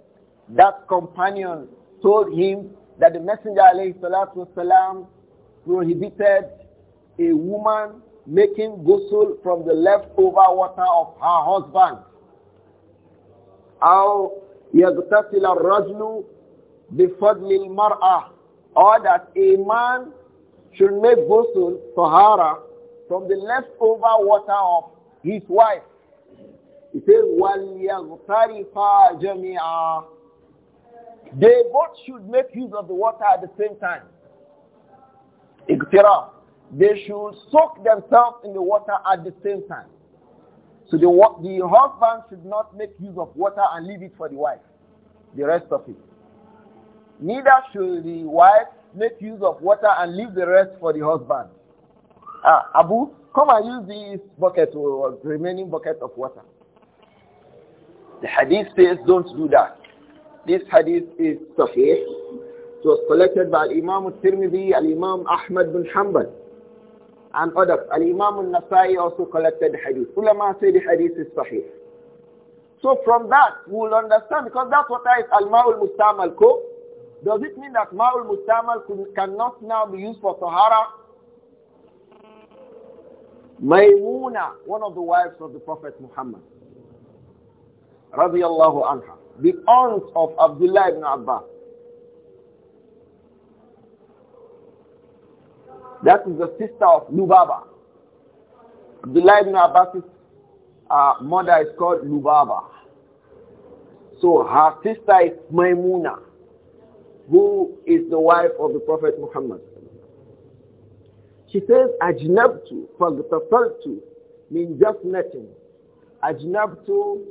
Speaker 1: that companion told him that the Messenger والسلام, prohibited a woman making ghusl from the leftover water of her husband. أو يغتسل الرجل بفضل المرأة or that a man should make ghusl, tahara, from the leftover water of his wife. He says, وَلْيَغْتَرِفَا جَمِيعًا They both should make use of the water at the same time. Iqtiraf. They should soak themselves in the water at the same time. So the, the husband should not make use of water and leave it for the wife, the rest of it. Neither should the wife make use of water and leave the rest for the husband. Ah, Abu, come and use this bucket or oh, remaining bucket of water. The hadith says don't do that. This hadith is sahih. It was collected by Imam al-Tirmidhi, Imam Ahmad bin Hanbal, and others. Al-Imam al-Nasai also collected the hadith. Ulama say the hadith is sahih. So from that, we will understand, because that water is al-ma'ul mustamal ko, does it mean that Ma'ul Mustamal cannot now be used for Sahara? Maymuna, one of the wives of the Prophet Muhammad, radiallahu anha, the aunt of Abdullah ibn Abbas. That is the sister of Lubaba. Abdullah ibn Abbas's uh, mother is called Lubaba. So her sister is Maimuna who is the wife of the Prophet Muhammad. She says, أجنبت means just nothing. Ajnabtu,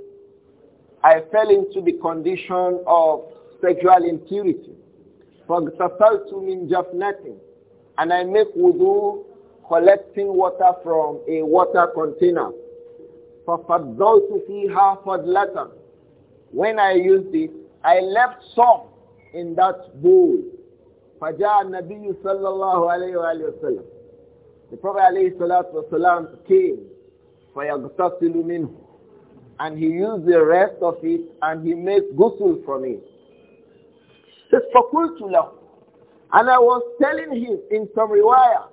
Speaker 1: I fell into the condition of sexual impurity. means just nothing, and I make wudu collecting water from a water container. ففضلت the فضلة when I used it, I left some in that bowl. فَجَاءَ النَّبِيُّ صَلَّى alayhi wa وَسَلَّمَ The Prophet عليه الصلاة والسلام came فَيَغْتَسِلُ مِنْهُ And he used the rest of it and he made ghusl from it. Says, فَقُلْتُ And I was telling him in some riwayah,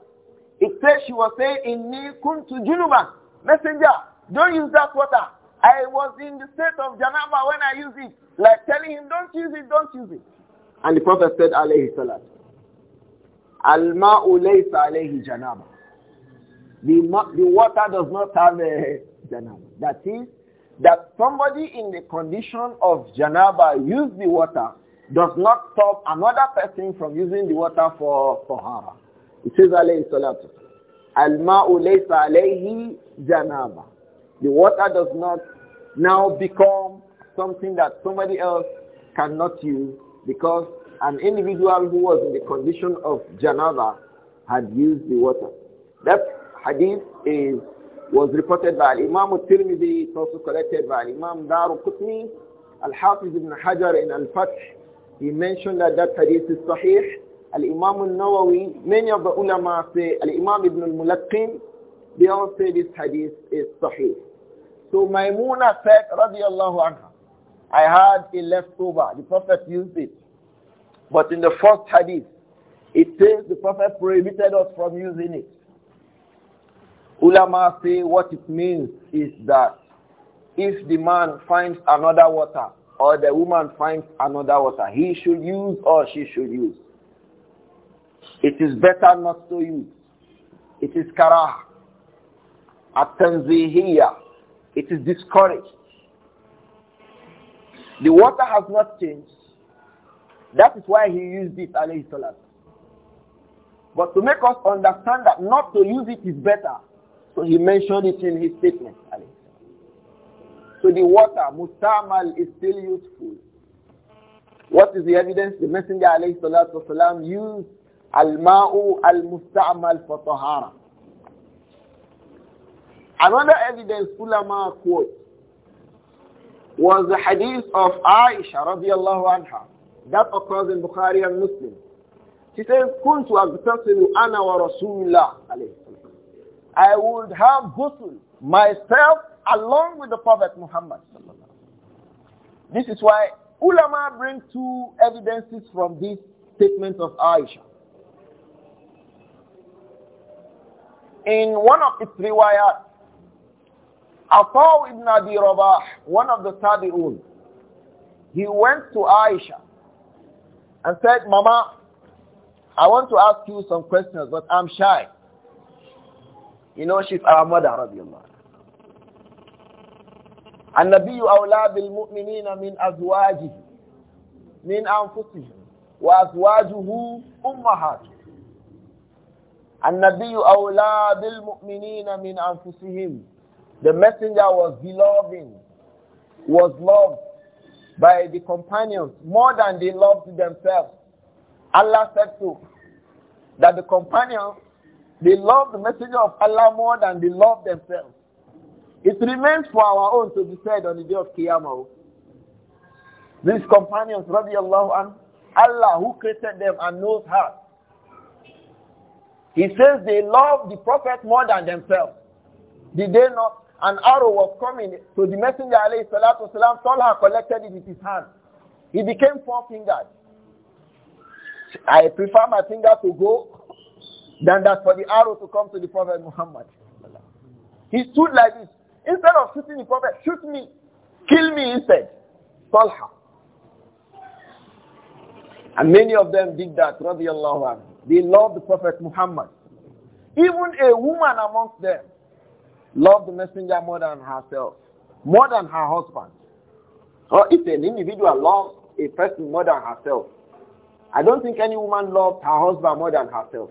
Speaker 1: it says she was saying, in إِنِّي كُنْتُ جُنُبًا Messenger, don't use that water. I was in the state of Janaba when I used it. Like telling him, don't use it, don't use it. And the Prophet said, alayhi salat, Al-ma'u laysa alayhi janaba. The, the water does not have a janaba. That is, that somebody in the condition of janaba use the water does not stop another person from using the water for tahara. It says alayhi salat, Al-ma'u laysa alayhi janaba. The water does not now become something that somebody else cannot use because an individual who was in the condition of janaba had used the water. That hadith is was reported by Imam al-Tirmidhi, it's also collected by Imam Daru Qutni, Al-Hafiz ibn Hajar in Al-Fath. He mentioned that that hadith is sahih. Al-Imam al-Nawawi, many of the ulama say, Al-Imam ibn al-Mulaqqin, they all say this hadith is sahih. So Maimuna said, radiallahu anha, I had a leftover. The Prophet used it. But in the first hadith, it says the Prophet prohibited us from using it. Ulama say what it means is that if the man finds another water or the woman finds another water, he should use or she should use. It is better not to use. It is karah. At-tanzihiyya. is discouraged. The water has not changed. That is why he used it, alayhi salam. But to make us understand that not to use it is better, so he mentioned it in his statement, alayhi So the water, mustamal, is still useful. What is the evidence? The Messenger, alayhi salatu wasalam, used al-ma'u al-mustamal for tahara. Another evidence ulama quote was the hadith of Aisha radiallahu anha that occurs in Bukhari and Muslim. She says, Kuntu agtasilu ana wa Rasulullah I would have ghusl myself along with the Prophet Muhammad This is why ulama bring two evidences from this statement of Aisha. In one of its riwayat, Afaw ibn Abi Rabah, one of the Tabi'un, he went to Aisha and said, Mama, I want to ask you some questions, but I'm shy. You know, she's our mother, radiallahu النبي أولى بالمؤمنين من أزواجه من أنفسهم وأزواجه أمهاته النبي أولى بالمؤمنين من أنفسهم The messenger was beloved, was loved by the companions more than they loved themselves. Allah said so that the companions they loved the messenger of Allah more than they loved themselves. It remains for our own to be said on the day of Qiyamah. These companions, radiallahu anhu, Allah who created them and knows her. He says they loved the Prophet more than themselves. Did they not? an arrow was coming to the messenger alayhi salatu wasalam, Talha collected it with his hand. He became four-fingered. I prefer my finger to go than that for the arrow to come to the Prophet Muhammad. He stood like this. Instead of shooting the Prophet, shoot me, kill me instead. Talha. And many of them did that, radiallahu anhu. They loved the Prophet Muhammad. Even a woman amongst them, loved the messenger more than herself, more than her husband. Or if an individual loves a person more than herself, I don't think any woman loved her husband more than herself.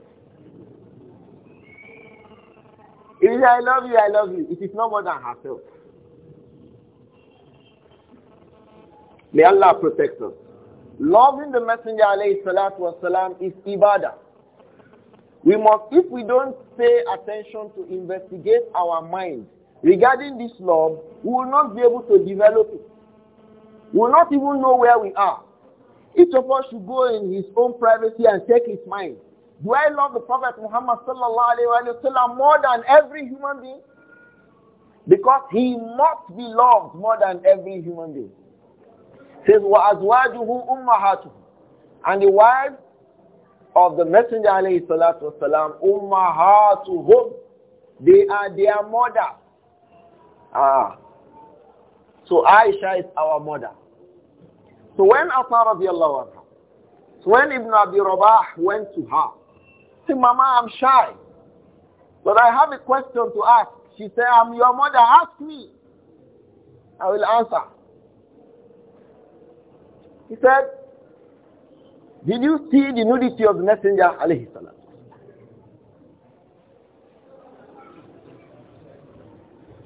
Speaker 1: If you say, I love you, I love you, it is no more than herself. May Allah protect us. Loving the Messenger والسلام, is ibadah. We must, if we don't pay attention to investigate our mind regarding this love, we will not be able to develop it. We will not even know where we are. Each of us should go in his own privacy and check his mind. Do I love the Prophet Muhammad sallallahu sallam more than every human being? Because he must be loved more than every human being. It says, وَأَزْوَاجُهُ أُمَّهَاتُهُ And the wives of the Messenger alayhi salatu wasalam, ummahatuhum. They are their mother. Ah. So Aisha is our mother. So when Asma radiallahu anha, so when Ibn Abi Rabah went to her, see, Mama, I'm shy. But I have a question to ask. She said, I'm your mother. Ask me. I will answer. He said, did you see the nudity of the messenger alayhi salam?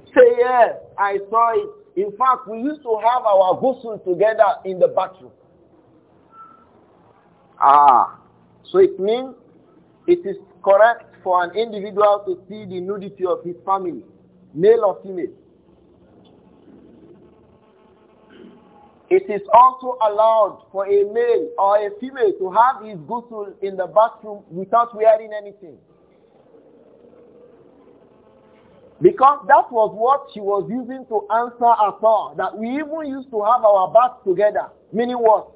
Speaker 1: Say yes, I saw it. In fact, we used to have our ghusl together in the bathroom. Ah, so it means it is correct for an individual to see the nudity of his family, male or female. It is also allowed for a male or a female to have his ghusl in the bathroom without wearing anything. Because that was what she was using to answer Asa, that we even used to have our bath together. Meaning what?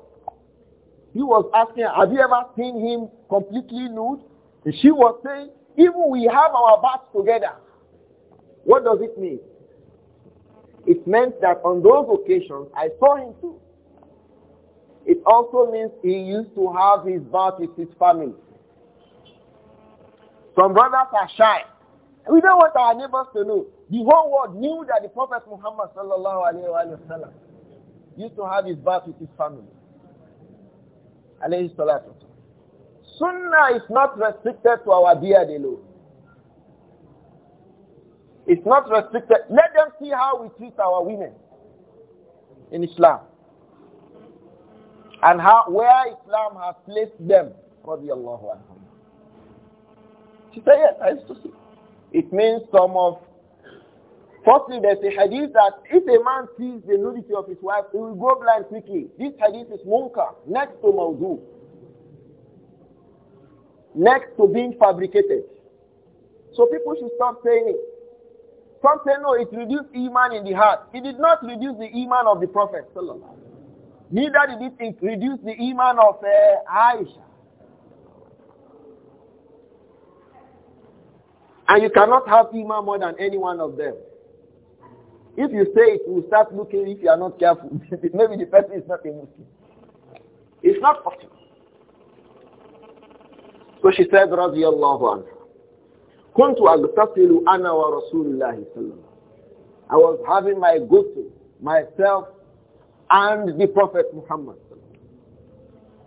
Speaker 1: He was asking, have you ever seen him completely nude? And she was saying, even we have our bath together. What does it mean? It meant that on those occasions, I saw him too. It also means he used to have his bath with his family. Some brothers are shy. We don't want our neighbors to know. The whole world knew that the Prophet Muhammad sallallahu alayhi wa sallam used to have his bath with his family. Alayhi salatu. Sunnah is not restricted to our beard alone. It's not restricted. Let them see how we treat our women in Islam and how where Islam has placed them. She said, yes, I used to see. It means some of Firstly, there's a hadith that if a man sees the nudity of his wife, he will go blind quickly. This hadith is munkar, next to mawdu, next to being fabricated. So people should stop saying it. Some say, no, it reduced Iman in the heart. It did not reduce the Iman of the Prophet. Neither did it reduce the Iman of uh, Aisha. And you cannot have Iman more than any one of them. If you say it, you start looking if you are not careful. Maybe the person is not a Muslim. It's not possible. So she said, رضي الله كنت أغتسل أنا ورسول الله صلى الله عليه وسلم I was having my ghusl, myself and the Prophet Muhammad.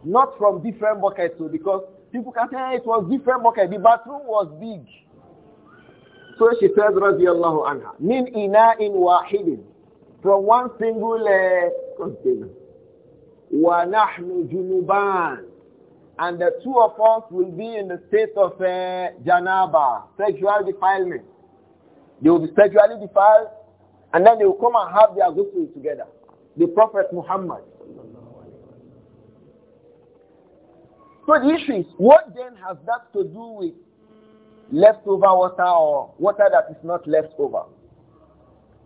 Speaker 1: Not from different buckets because people can say ah, it was different bucket. The bathroom was big. So she says, radiallahu anha, min ina'in wahidin, from one single uh, container. Wa nahnu and the two of us will be in the state of uh, janaba, sexual defilement. They will be sexually defiled, and then they will come and have their ghusl together. The Prophet Muhammad. So the issue is, what then has that to do with leftover water or water that is not left over?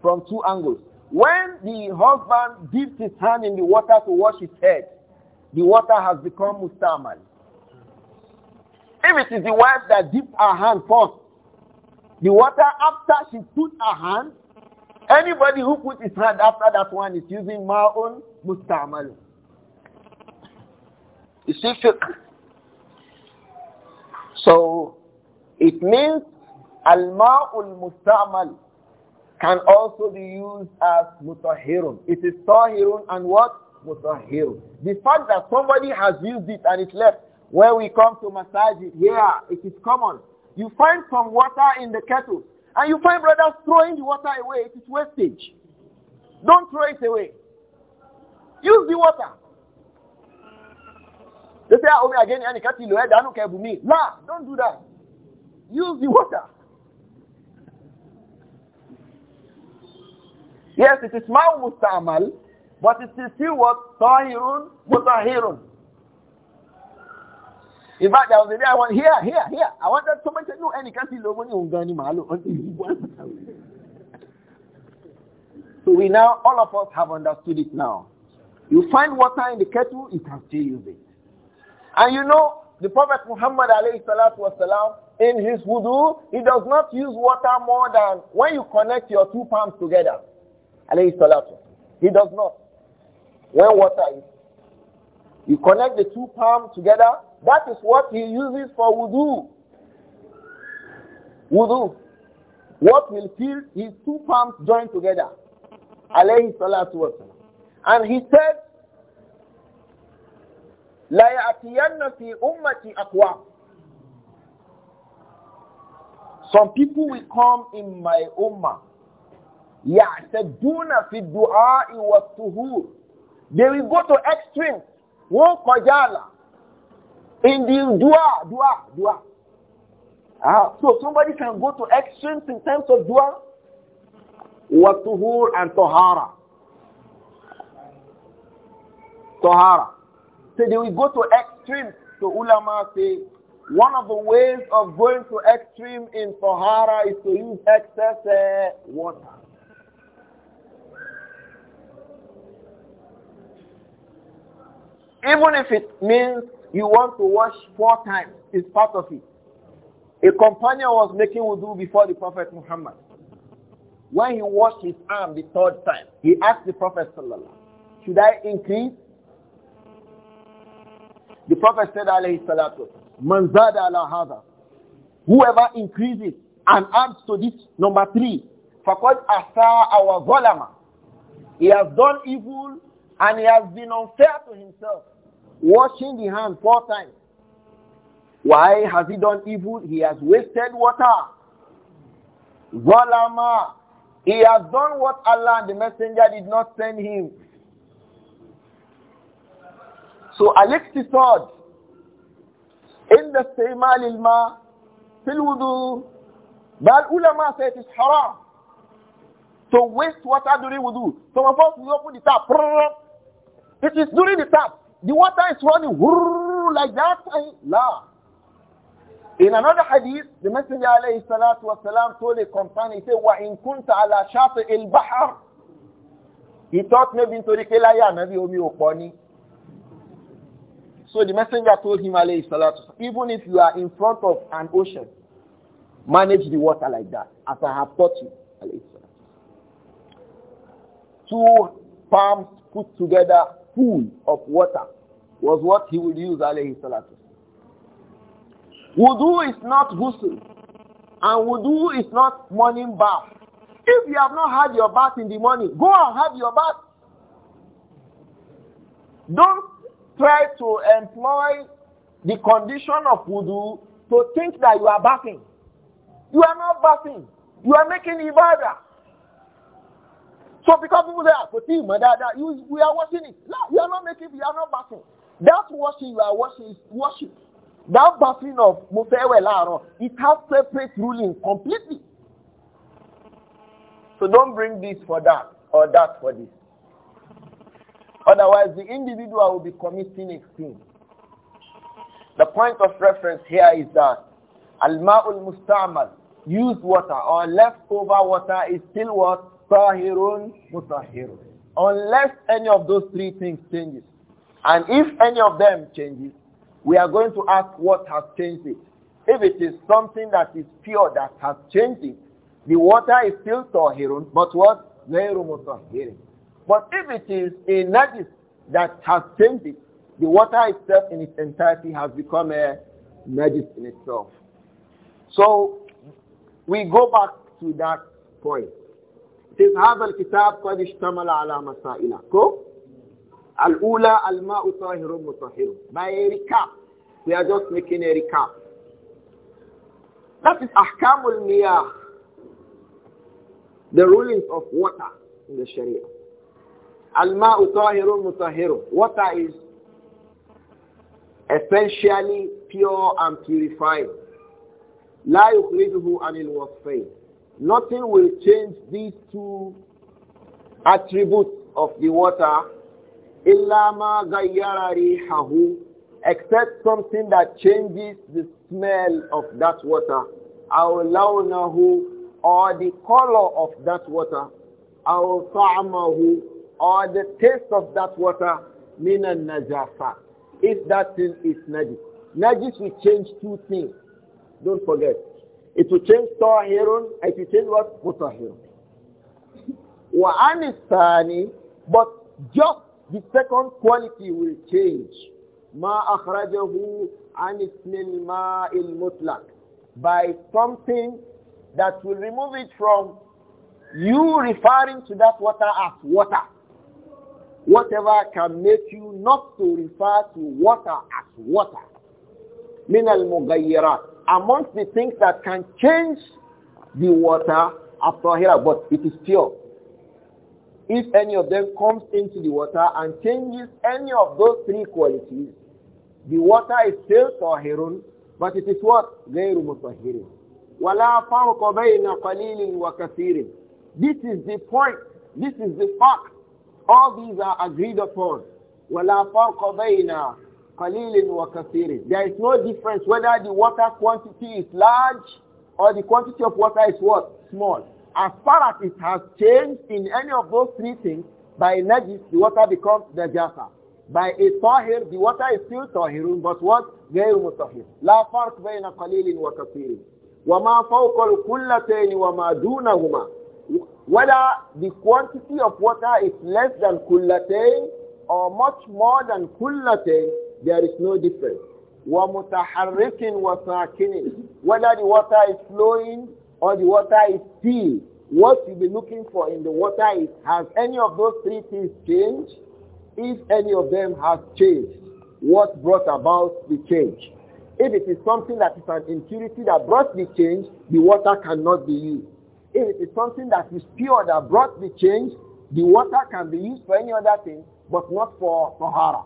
Speaker 1: From two angles. When the husband dips his hand in the water to wash his head, the water has become mustamal. If it is the wife that dipped her hand first, the water after she put her hand, anybody who put his hand after that one is using ma'un mustamal. You see fiqh. So it means al-ma'ul mustamal can also be used as mutahhirun. It is tahirun and what? mutahhir. The fact that somebody has used it and it left, where we come to massage it, here it is common. You find some water in the kettle, and you find brothers throwing the water away. It is wastage. Don't throw it away. Use the water. They say, "Oh, again, and kettle, I don't care me." Nah, don't do that. Use the water. Yes, it is ma'u mustamal, but it is still what? Tahirun, mutahirun. In fact, there was a day I went, here, here, here. I wanted much to know, and you can't see Lomoni Ungani Malo So we now, all of us have understood it now. You find water in the kettle, you can still use it. And you know, the Prophet Muhammad alayhi salatu wasalam, in his wudu, he does not use water more than when you connect your two palms together. Alayhi salatu. He does not when water is, you connect the two palms together, that is what he uses for wudu. Wudu. What will fill his two palms joined together. Alayhi salatu wasalam. And he said, لا يأتين fi ummati أقوام Some people will come in my ummah. يعتدون في in والطهور they will go to extremes. Wọ́n In the dua, dua, dua. Ah, so somebody can go to extremes in terms of dua. Watuhur and Tohara. Tohara. So they will go to extremes. So ulama say, one of the ways of going to extreme in Tohara is to use excess uh, water. Even if it means you want to wash four times, it's part of it. A companion was making wudu before the Prophet Muhammad. When he washed his arm the third time, he asked the Prophet should I increase? The Prophet said alayhi salatu, man zada ala hada. Whoever increases and adds to this number three, faqad asa our zalama. He has done evil and he has been unfair to himself washing the hand four times. Why has he done evil? He has wasted water. Zalama. He has done what Allah the messenger did not send him. So Alexis said, in the same استعمال الماء في الوضوء بل ulama say it is haram to waste water during wudu. Some of us we open the tap. It is during the tap. The water is running like that. La. In another hadith, the Messenger alayhi salatu wasalam told a companion, he said, وَإِن ala عَلَى el Bahar,' He thought maybe nítorí pé láyé omi ò So the Messenger told him alayhi salatu even if you are in front of an ocean, manage the water like that, as I have taught you alayhi salatu Two palms put together pool of water was what he would use alayhi salatu. Wudu is not ghusl and wudu is not morning bath. If you have not had your bath in the morning, go and have your bath. Don't try to employ the condition of wudu to think that you are bathing. You are not bathing. You are making ibadah. So because people say, but see, my dad, you, we are watching it. No, you are not making, you are not bathing. That washing you are washing is worship. That bathing of Mufewe Laro, it has separate ruling completely. So don't bring this for that or that for this. Otherwise, the individual will be committing a sin. The point of reference here is that al-ma'ul mustamal, used water or leftover water is still what? Tahirun, Mutahirun. Unless any of those three things changes. And if any of them changes, we are going to ask what has changed it. If it is something that is pure that has changed it, the water is still Tahirun, but what? Zairu Mutahirin. But if it is a najis that has changed it, the water itself in its entirety has become a najis in itself. So we go back to that point. إذ هذا الكتاب قد اشتمل على مسائل كو الأولى الماء طاهر مطهر by a recap we are just making a recap that is أحكام المياه the rulings of water in the Sharia الماء طاهر مطهر water is essentially pure and purified لا يخرجه عن الوصفين Nothing will change these two attributes of the water illama ghayyara rihahu except something that changes the smell of that water aw lawnahu or the color of that water aw ta'amahu or the taste of that water mina najasa if that thing is najis najis will change two things don't forget it will change طاهر. It will change what? مطهر. وعن الثاني but just the second quality will change. ما أخرجه عن اسم الماء mutlaq by something that will remove it from you referring to that water as water. Whatever can make you not to refer to water as water. al المغيرات amongst the things that can change the water after Hira, but it is pure. If any of them comes into the water and changes any of those three qualities, the water is still tahirun, but it is what? غير مطهر. ولا فرق بين wa وكثير. This is the point. This is the fact. All these are agreed upon. ولا فرق بين قَلِيلٍ وَكَثِيرٍ There is no difference whether the water quantity is large or the quantity of water is what? Small. As far as it has changed in any of those three things, by najis, the water becomes najasa. By a tahir, the water is still tahirun, but what? غير مطهر. لا فرق بين قليل وكثير. وما فوق القلتين وما دونهما. Whether the quantity of water is less than kullatain or much more than kullatain, there is no difference. وَمُتَحَرِّكٍ وَسَاكِنٍ Whether the water is flowing or the water is still, what you be looking for in the water is, has any of those three things changed? If any of them has changed, what brought about the change? If it is something that is an impurity that brought the change, the water cannot be used. If it is something that is pure that brought the change, the water can be used for any other thing, but not for Sahara.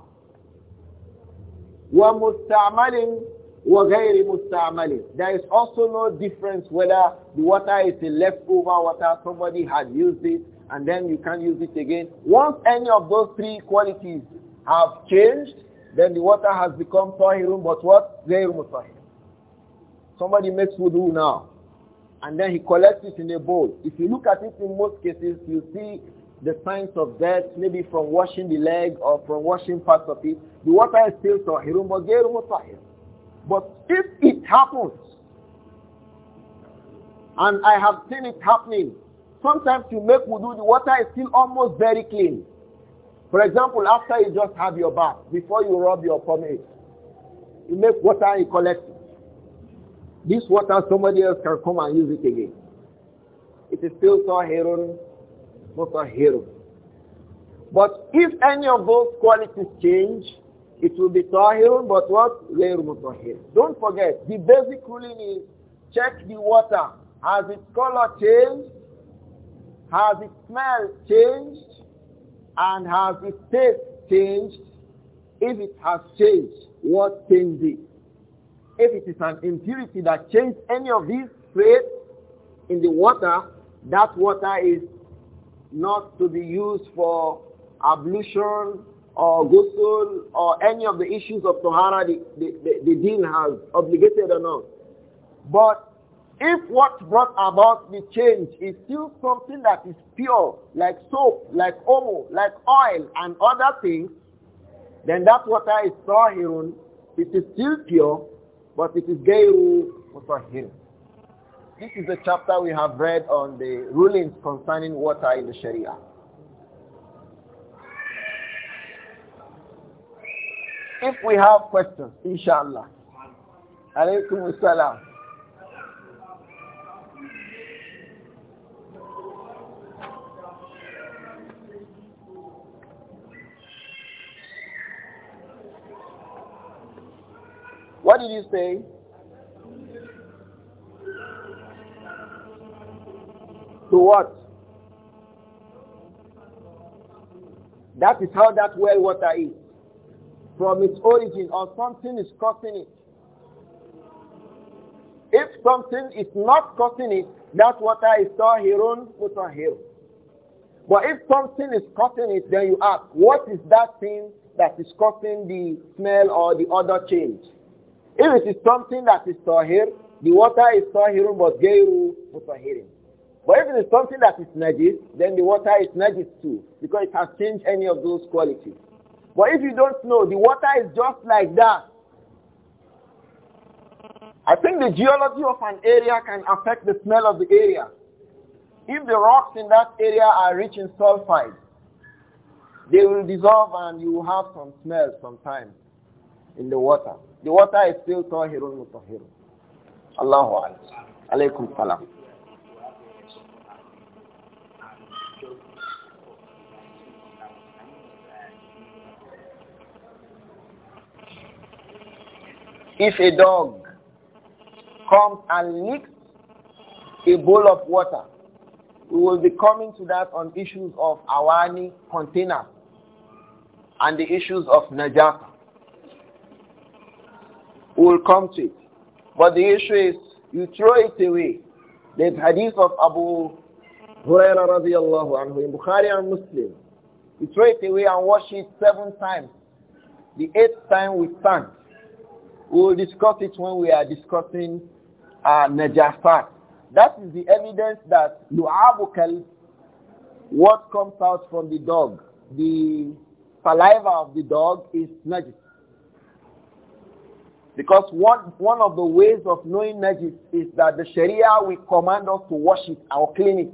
Speaker 1: ومستعمل وغير مستعمل There is also no difference whether the water is a leftover water, somebody had used it, and then you can use it again. Once any of those three qualities have changed, then the water has become tahirun, but what? غير مطهر. Somebody makes wudu now, and then he collects it in a bowl. If you look at it in most cases, you see the signs of death, maybe from washing the leg or from washing parts of it, the water is still tahirun, but غير But if it happens, and I have seen it happening, sometimes you make wudu, the water is still almost very clean. For example, after you just have your bath, before you rub your pomade, you make water and you collect it. This water, somebody else can come and use it again. It is still tahirun, hero. But if any of those qualities change, it will be tahirun, but what? غير mutahhir. Don't forget, the basic ruling is check the water. Has its color changed? Has its smell changed? And has its taste changed? If it has changed, what changed it? If it is an impurity that changed any of these traits in the water, that water is not to be used for ablution or ghusl or any of the issues of Tahara the, the, the, the has obligated or not. But if what brought about the change is still something that is pure, like soap, like omo, like oil and other things, then that water is tahirun, it is still pure, but it is gayru mutahhirun. This is the chapter we have read on the rulings concerning water in the Sharia. If we have questions, inshallah. Alaykum assalam. What did you say? to what? That is how that well water is. From its origin or something is causing it. If something is not causing it, that water is tahirun mutahir. But if something is causing it, then you ask, what is that thing that is causing the smell or the odor change? If it is something that is here, the water is here, but gayru mutahirin. But if it is something that is najis, then the water is najis too, because it has changed any of those qualities. But if you don't know, the water is just like that. I think the geology of an area can affect the smell of the area. If the rocks in that area are rich in sulfide, they will dissolve and you will have some smell sometimes in the water. The water is still tahirun mutahirun. Allahu Alaikum salam. If a dog comes and licks a bowl of water, we will be coming to that on issues of awani container and the issues of najasa. We will come to it. But the issue is you throw it away. The hadith of Abu Huraira radiallahu anhu in Bukhari and Muslim. You throw it away and wash it seven times. The eighth time we sand. We'll discuss it when we are discussing uh, Najafat. That is the evidence that Lu'abukal, what comes out from the dog, the saliva of the dog is najis. Because one, one of the ways of knowing najis is that the Sharia will command us to wash it or clean it.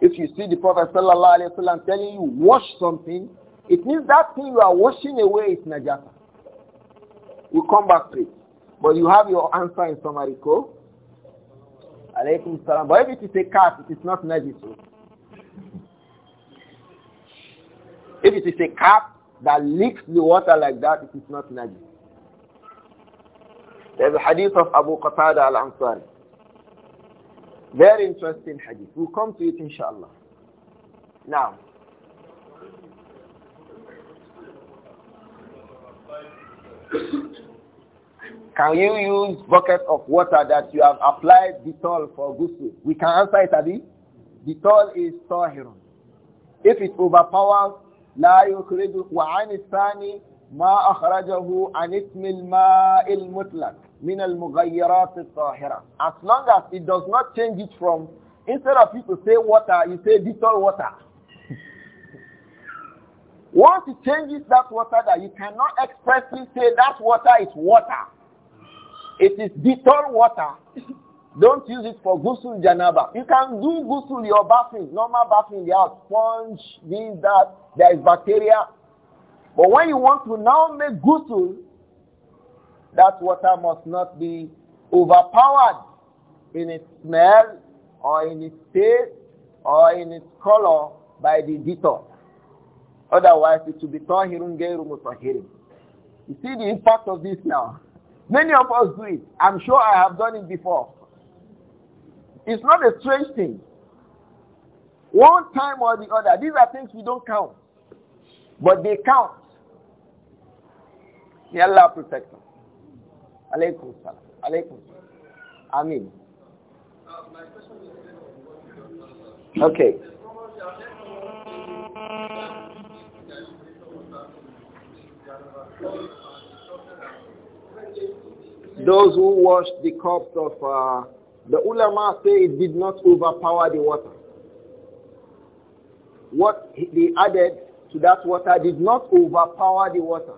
Speaker 1: If you see the Prophet Wasallam telling you, wash something, it means that thing you are washing away is najasa. We'll come back to it. But you have your answer in summary, ko? Alaykum But if it is a cat, it is not najis. If it is a cap that leaks the water like that, it is not najis. There's a hadith of Abu Qatada al-Ansari. Very interesting hadith. We'll come to it inshallah. Now, Can you use bucket of water that you have applied Ditol for ghusl? We can answer it, Abi. Ditol is tahirun. If it overpowers, لا يخرج وعن الثاني ما أخرجه عن اسم الماء المطلق من المغيرات الطاهرة. As long as it does not change it from, instead of you to say water, you say Ditol water. Once it changes that water that you cannot expressly say that water is water. It is detol water. Don't use it for ghusl janaba. You can do ghusl your bathing, normal bathing, there are sponge, this, that, there is bacteria. But when you want to now make ghusl, that water must not be overpowered in its smell or in its taste or in its color by the detol. Otherwise, it will be tahirun gairu mutahirin. You see the impact of this now. Many of us do it. I'm sure I have done it before. It's not a strange thing. One time or the other, these are things we don't count. But they count. May Allah protect us. Alaykum salam. Alaykum salam. Ameen. Okay. Those who washed the cups of uh, the ulama say it did not overpower the water. What they added to that water did not overpower the water,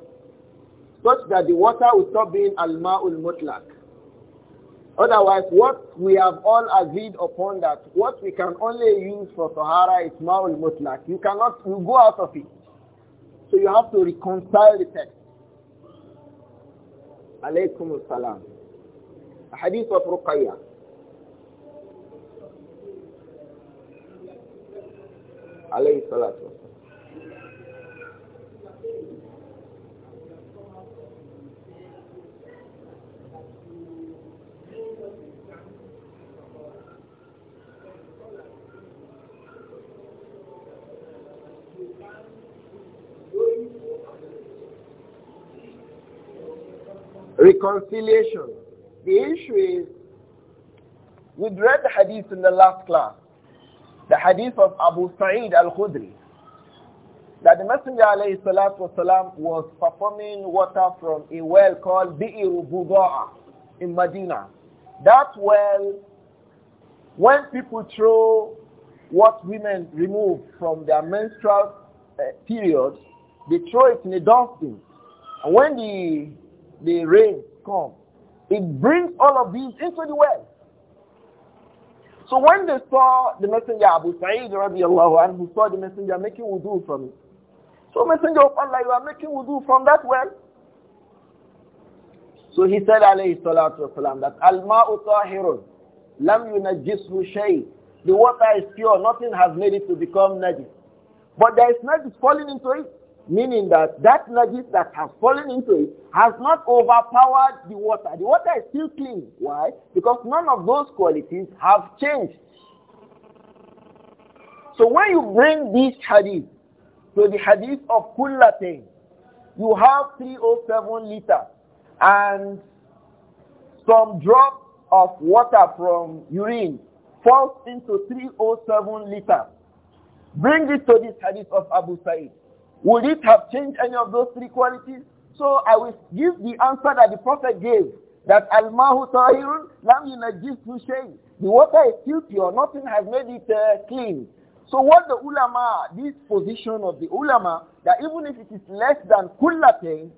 Speaker 1: such that the water would stop being al-ma'ul mutlaq. Otherwise, what we have all agreed upon that what we can only use for Sahara is Ma'ul Mutlak. You cannot, you go out of it. So you have to reconcile the text. Alaykum as salam. A hadith of Ruqayya. Alayhi salatu reconciliation. The issue is, we read the hadith in the last class, the hadith of Abu Sa'id al-Khudri, that the Messenger of Allah was performing water from a well called Bi'ir Buda'a in Medina. That well, when people throw what women remove from their menstrual uh, period, they throw it in a dustbin. And when the the rain comes. It brings all of these into the well. So when they saw the messenger Abu Sa'id radiallahu anhu saw the messenger making wudu from it. So messenger of Allah, you are making wudu from that well. So he said alayhi salatu wasalam that al-ma'u tahirun lam yunajjishu shay. The water is pure, nothing has made it to become najis. But there is najis falling into it. Meaning that that najis that has fallen into it has not overpowered the water. The water is still clean. Why? Because none of those qualities have changed. So when you bring this hadith to the hadith of Kullatain, you have 307 liters and some drops of water from urine falls into 307 liters. Bring it to this hadith of Abu Sa'id. Would it have changed any of those three qualities? So I will give the answer that the Prophet gave, that Al-Mahu Tahirun Lam Yunajjitu The water is still pure, nothing has made it uh, clean. So what the ulama, this position of the ulama, that even if it is less than kullatayn,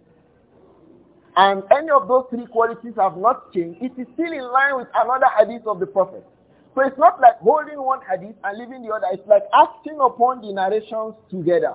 Speaker 1: and any of those three qualities have not changed, it is still in line with another hadith of the Prophet. So it's not like holding one hadith and leaving the other. It's like acting upon the narrations together.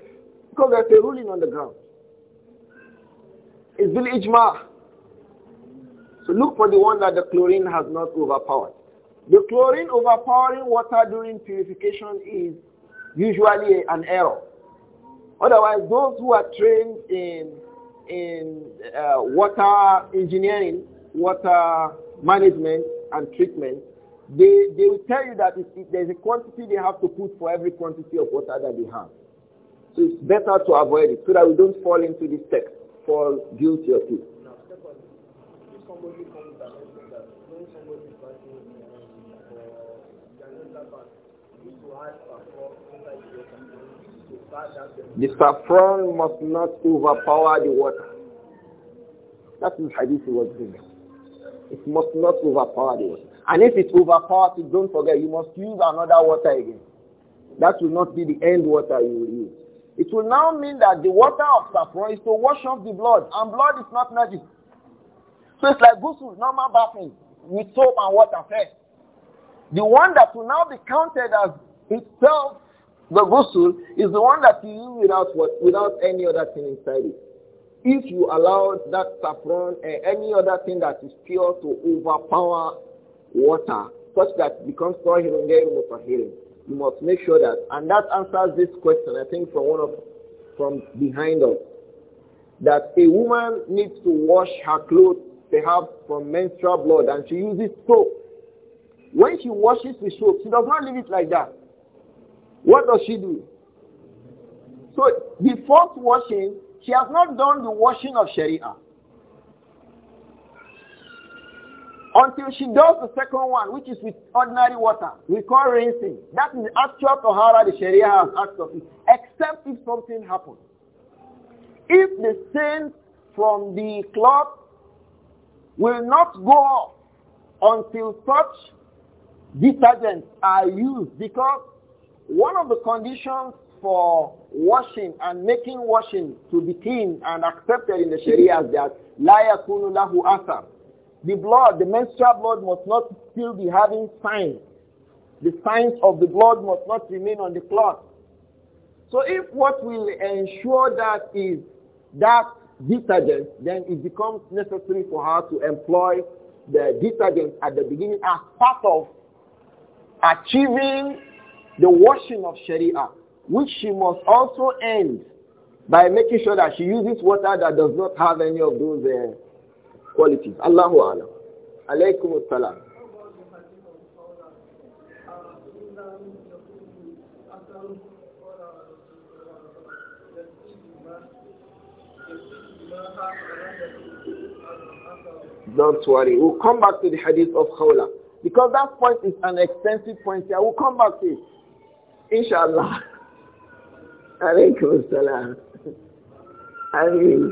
Speaker 1: Because there's a ruling on the ground. It's bil ijma. So look for the one that the chlorine has not overpowered. The chlorine overpowering water during purification is usually an error. Otherwise, those who are trained in in uh, water engineering, water management and treatment, they, they will tell you that there's a quantity they have to put for every quantity of water that they have. So it's better to avoid it so that we don't fall into this text, fall guilty of it. The saffron must not overpower the water. That is hadith he was doing. It must not overpower the water. And if it overpowers it, don't forget, you must use another water again. That will not be the end water you will use. It will now mean that the water of saffron is to wash off the blood, and blood is not magic. So it's like ghusl, normal bathing with soap and water first. The one that will now be counted as itself the ghusl is the one that you use without what, without any other thing inside it. If you allow that saffron and any other thing that is pure to overpower water, such that becomes tahir healing, healing you must make sure that, and that answers this question, I think, from one of, from behind us, that a woman needs to wash her clothes, perhaps from menstrual blood, and she uses soap. When she washes with soap, she does not leave it like that. What does she do? So, before washing, she has not done the washing of Sharia. until she does the second one, which is with ordinary water. We call rinsing. That is actual Tahara the Sharia has asked of it, except if something happens. If the stains from the cloth will not go off until such detergents are used because one of the conditions for washing and making washing to be clean and accepted in the Sharia is that la يكون له أثر the blood, the menstrual blood must not still be having signs. The signs of the blood must not remain on the cloth. So if what will ensure that is that detergent, then it becomes necessary for her to employ the detergent at the beginning as part of achieving the washing of Sharia, which she must also end by making sure that she uses water that does not have any of those uh, qualities. Allahu Alam. Alaykum salam. Don't worry. We'll come back to the hadith of Khawla. Because that point is an extensive point here. We'll come back to it. Inshallah. Alaykum salam. I mean...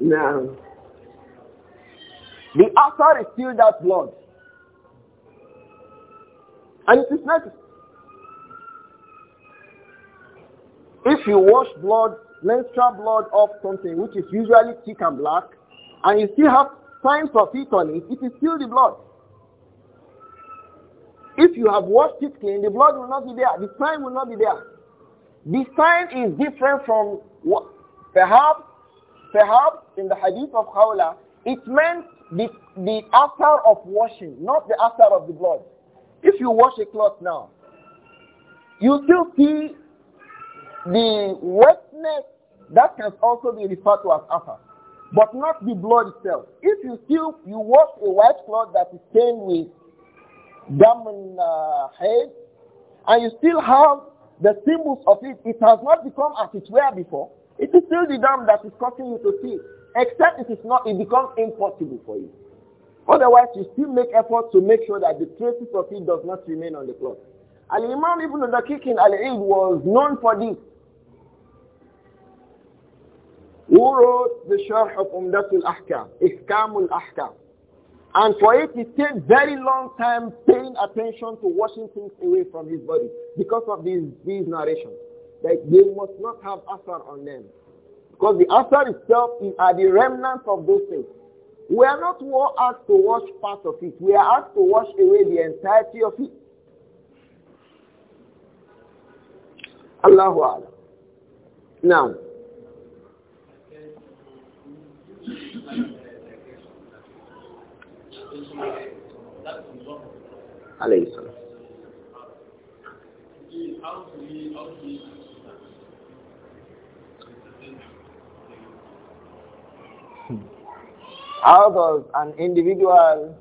Speaker 1: No. The author is still that blood. And it is not. If you wash blood, menstrual blood off something which is usually thick and black, and you still have signs of it on it, it is still the blood. If you have washed it clean, the blood will not be there. The sign will not be there. The sign is different from what, perhaps Perhaps in the hadith of Khawla, it meant the, the after of washing, not the after of the blood. If you wash a cloth now, you still see the wetness that can also be referred to as after, but not the blood itself. If you still you wash a white cloth that is stained with dam and uh, head, and you still have the symbols of it, it has not become as it were before. It is still the dam that is causing you to see, except it is not, it becomes impossible for you. Otherwise, you still make efforts to make sure that the traces of it does not remain on the cloth. Al-Imam Ibn al in Al-Eid was known for this. Who wrote the Sharh of Umdatul Ahkam, Iskamul Ahkam. And for it, he spent very long time paying attention to washing things away from his body because of these, these narrations. That they must not have asar on them. Because the asar itself is, are the remnants of those things. We are not asked to wash part of it. We are asked to wash away the entirety of it. Allahu Akbar. Now, alayhi salam. How does an individual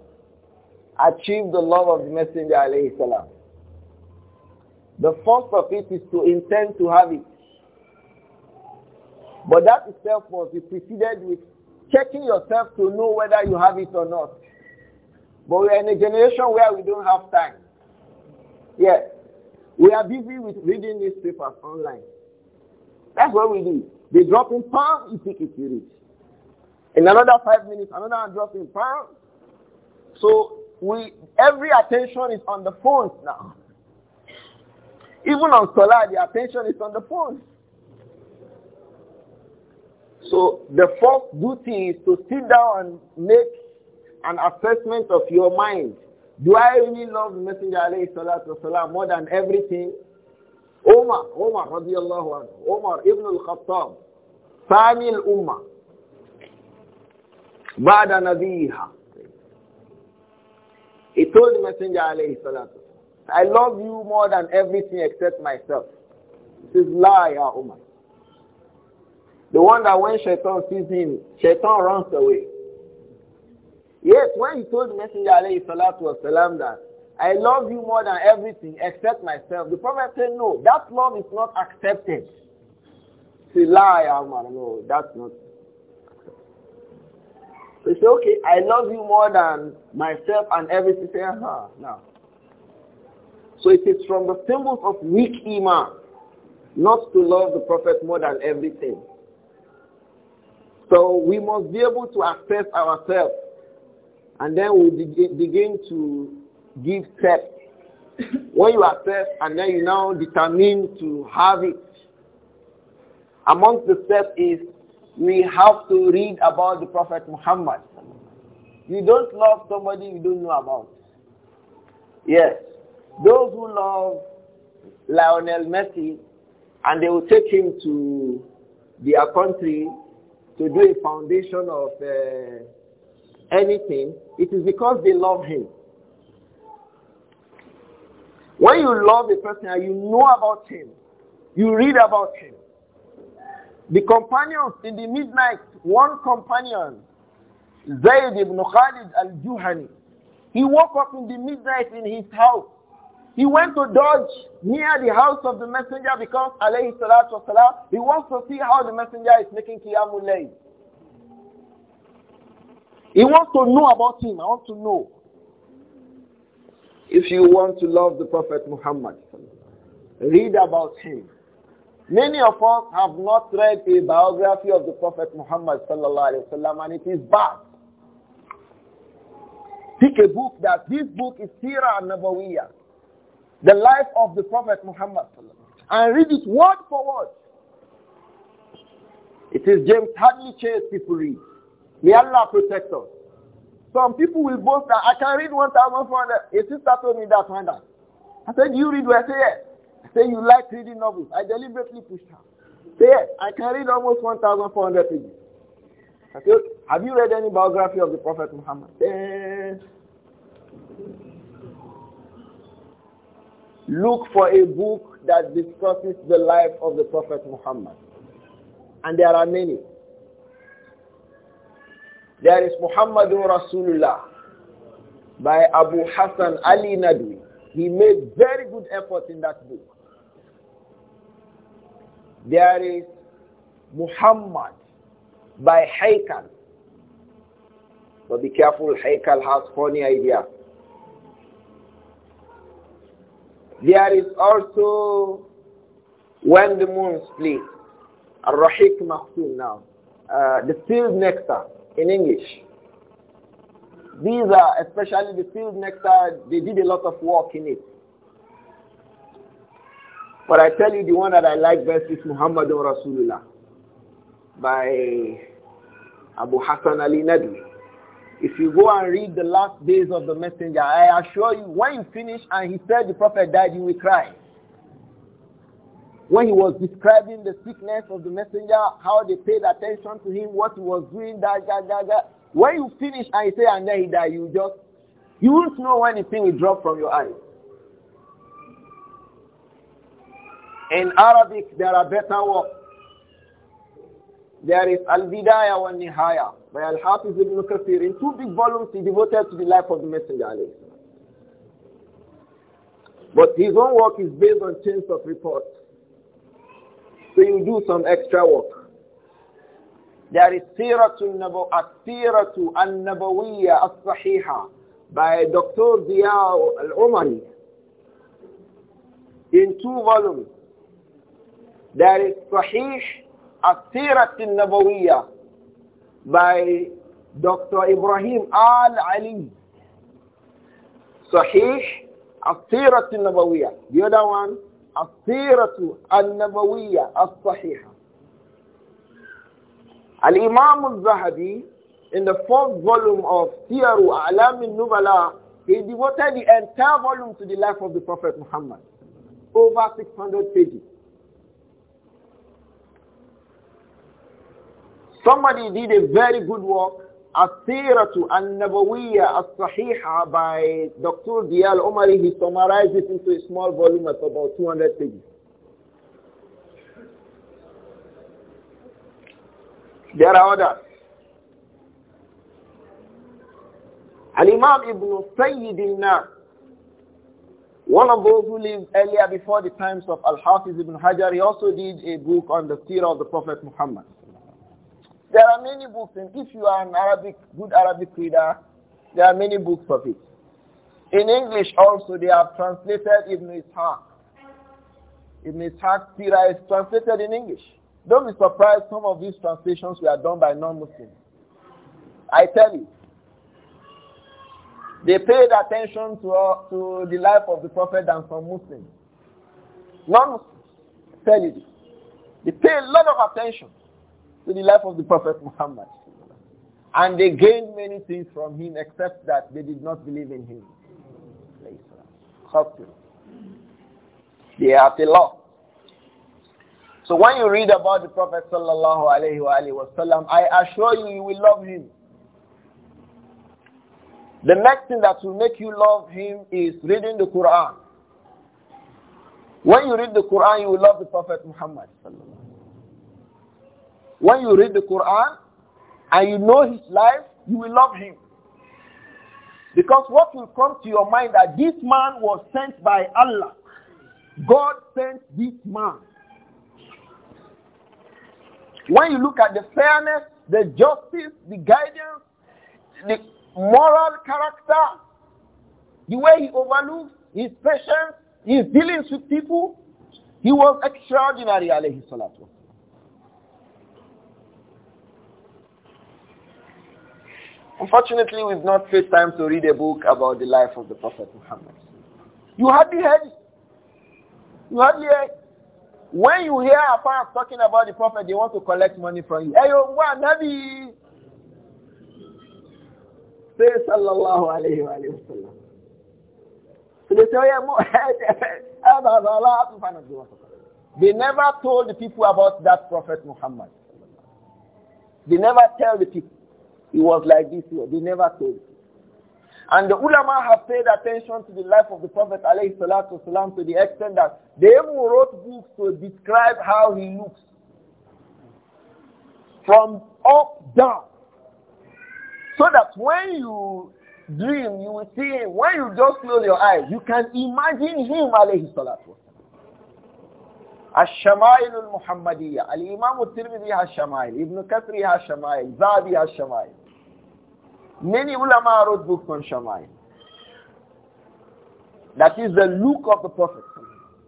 Speaker 1: achieve the love of the Messenger alayhi salam? The first of it is to intend to have it. But that itself must be preceded with checking yourself to know whether you have it or not. But we are in a generation where we don't have time. Yes. We are busy with reading newspapers online. That's what we do. They drop in palm, you pick it, you read. In another five minutes, another drop in pound. So we every attention is on the phones now. Even on Salah, the attention is on the phones. So the first duty is to sit down and make an assessment of your mind. Do I really love the Messenger alayhi salatu wasalam more than everything? Omar, Omar radiallahu anhu, Omar ibn al-Khattab, Sami al-Ummah. بعد he told the messenger alayhi salatu I love you more than everything except myself this is lie ya Umar the one that when shaitan sees him shaitan runs away yes when he told the messenger alayhi salatu was that I love you more than everything except myself the prophet said no that love is not accepted it's a lie ya Umar no that's not they say, okay, I love you more than myself and everything. Say, now. So it is from the symbols of weak iman not to love the Prophet more than everything. So we must be able to assess ourselves and then we begin, begin to give steps. when you assess, and then you now determine to have it, amongst the steps is we have to read about the Prophet Muhammad. You don't love somebody you don't know about. Yes. Those who love Lionel Messi and they will take him to their country to do a foundation of uh, anything, it is because they love him. When you love a person and you know about him, you read about him, the companions in the midnight, one companion, Zayd ibn Khalid al-Juhani, he woke up in the midnight in his house. He went to Dodge near the house of the messenger because alayhi salatu wasalam, he wants to see how the messenger is making Qiyamul Layl. He wants to know about him. I want to know. If you want to love the Prophet Muhammad, read about him. Many of us have not read a biography of the Prophet Muhammad sallallahu alaihi wasallam, and it is bad. Pick a book that this book is Sirah Nabawiya, the life of the Prophet Muhammad sallallahu and read it word for word. It is James Hadley Chase people read. May Allah protect us. Some people will boast that I can read 1,400. A sister told me that one day. I said, you read where? I said, yes. Say you like reading novels. I deliberately pushed her. Say yes, I can read almost 1,400 pages. I have you read any biography of the Prophet Muhammad? Yes. Look for a book that discusses the life of the Prophet Muhammad. And there are many. There is Muhammadur Rasulullah by Abu Hassan Ali Nadwi. He made very good effort in that book. There is Muhammad by Haykal. But be careful, Haykal has funny idea. There is also when the moon splits. Ar-Rahiq Maktoum now. Uh, the field nectar in English. These are, especially the field nectar, they did a lot of work in it. But I tell you the one that I like best is Muhammad Rasulullah by Abu Hassan Ali Nadwi. If you go and read the last days of the messenger, I assure you, when you finish and he said the prophet died, you will cry. When he was describing the sickness of the messenger, how they paid attention to him, what he was doing, da da da da. When you finish and he say, and then he died, you just, you won't know when the thing will drop from your eyes. In Arabic, there are better works. There is Al-Bidayah wa Nihaya by Al-Hafiz ibn Kathir. In two big volumes, he devoted to the life of the Messenger. But his own work is based on chains of reports. So you do some extra work. There is Siratul Siratu nabawiyya as sahihah by Dr. Zia Al-Umari in two volumes. There is Sahih Asirat al nabawiyyah by Dr. Ibrahim Al-Ali. Sahih Asirat al nabawiyyah The other one, Asirat al nabawiyyah al-Sahiha. Al-Imam al-Zahabi, in the fourth volume of Siyaru A'lam al-Nubala, he devoted the entire volume to the life of the Prophet Muhammad. Over 600 pages. Somebody did a very good work, Asiratu al-Nabawiyya al-Sahiha by Dr. Dial Omari. He summarized it into a small volume of about 200 pages. There are others. Al-Imam Ibn Sayyid al-Nas, one of those who lived earlier before the times of Al-Hafiz ibn Hajar, he also did a book on the seerah of the Prophet Muhammad. There are many books, and if you are an Arabic, good Arabic reader, there are many books of it. In English also, they have translated Ibn Ishaq. Ibn Ishaq's Sira is translated in English. Don't be surprised some of these translations were done by non-Muslims. I tell you. They paid attention to, uh, to the life of the Prophet than some Muslims. Non-Muslims. Tell you this. They pay a lot of attention to the life of the Prophet Muhammad. And they gained many things from him except that they did not believe in him. They are the lost. So when you read about the Prophet sallallahu alaihi wasallam, I assure you, you will love him. The next thing that will make you love him is reading the Quran. When you read the Quran, you will love the Prophet Muhammad sallallahu when you read the Quran and you know his life, you will love him. Because what will come to your mind that this man was sent by Allah. God sent this man. When you look at the fairness, the justice, the guidance, the moral character, the way he overlooks, his patience, his dealings with people, he was extraordinary, alayhi salatu Unfortunately, we've not faced time to read a book about the life of the Prophet Muhammad. You hardly heard You hardly heard When you hear a pastor talking about the Prophet, they want to collect money from you. Hey, what, Nabi? Say sallallahu alayhi wa sallam. They never told the people about that Prophet Muhammad. They never tell the people. It was like this. They never told. And the ulama have paid attention to the life of the Prophet والسلام, to the extent that they even wrote books to describe how he looks. From up down. So that when you dream, you will see him. When you just close your eyes, you can imagine him alayhi salatu الشمائل المحمدية الإمام الترمذي الشمائل ابن كثري الشمائل زادي الشمائل Many ulama wrote books on Shamayim. That is the look of the Prophet,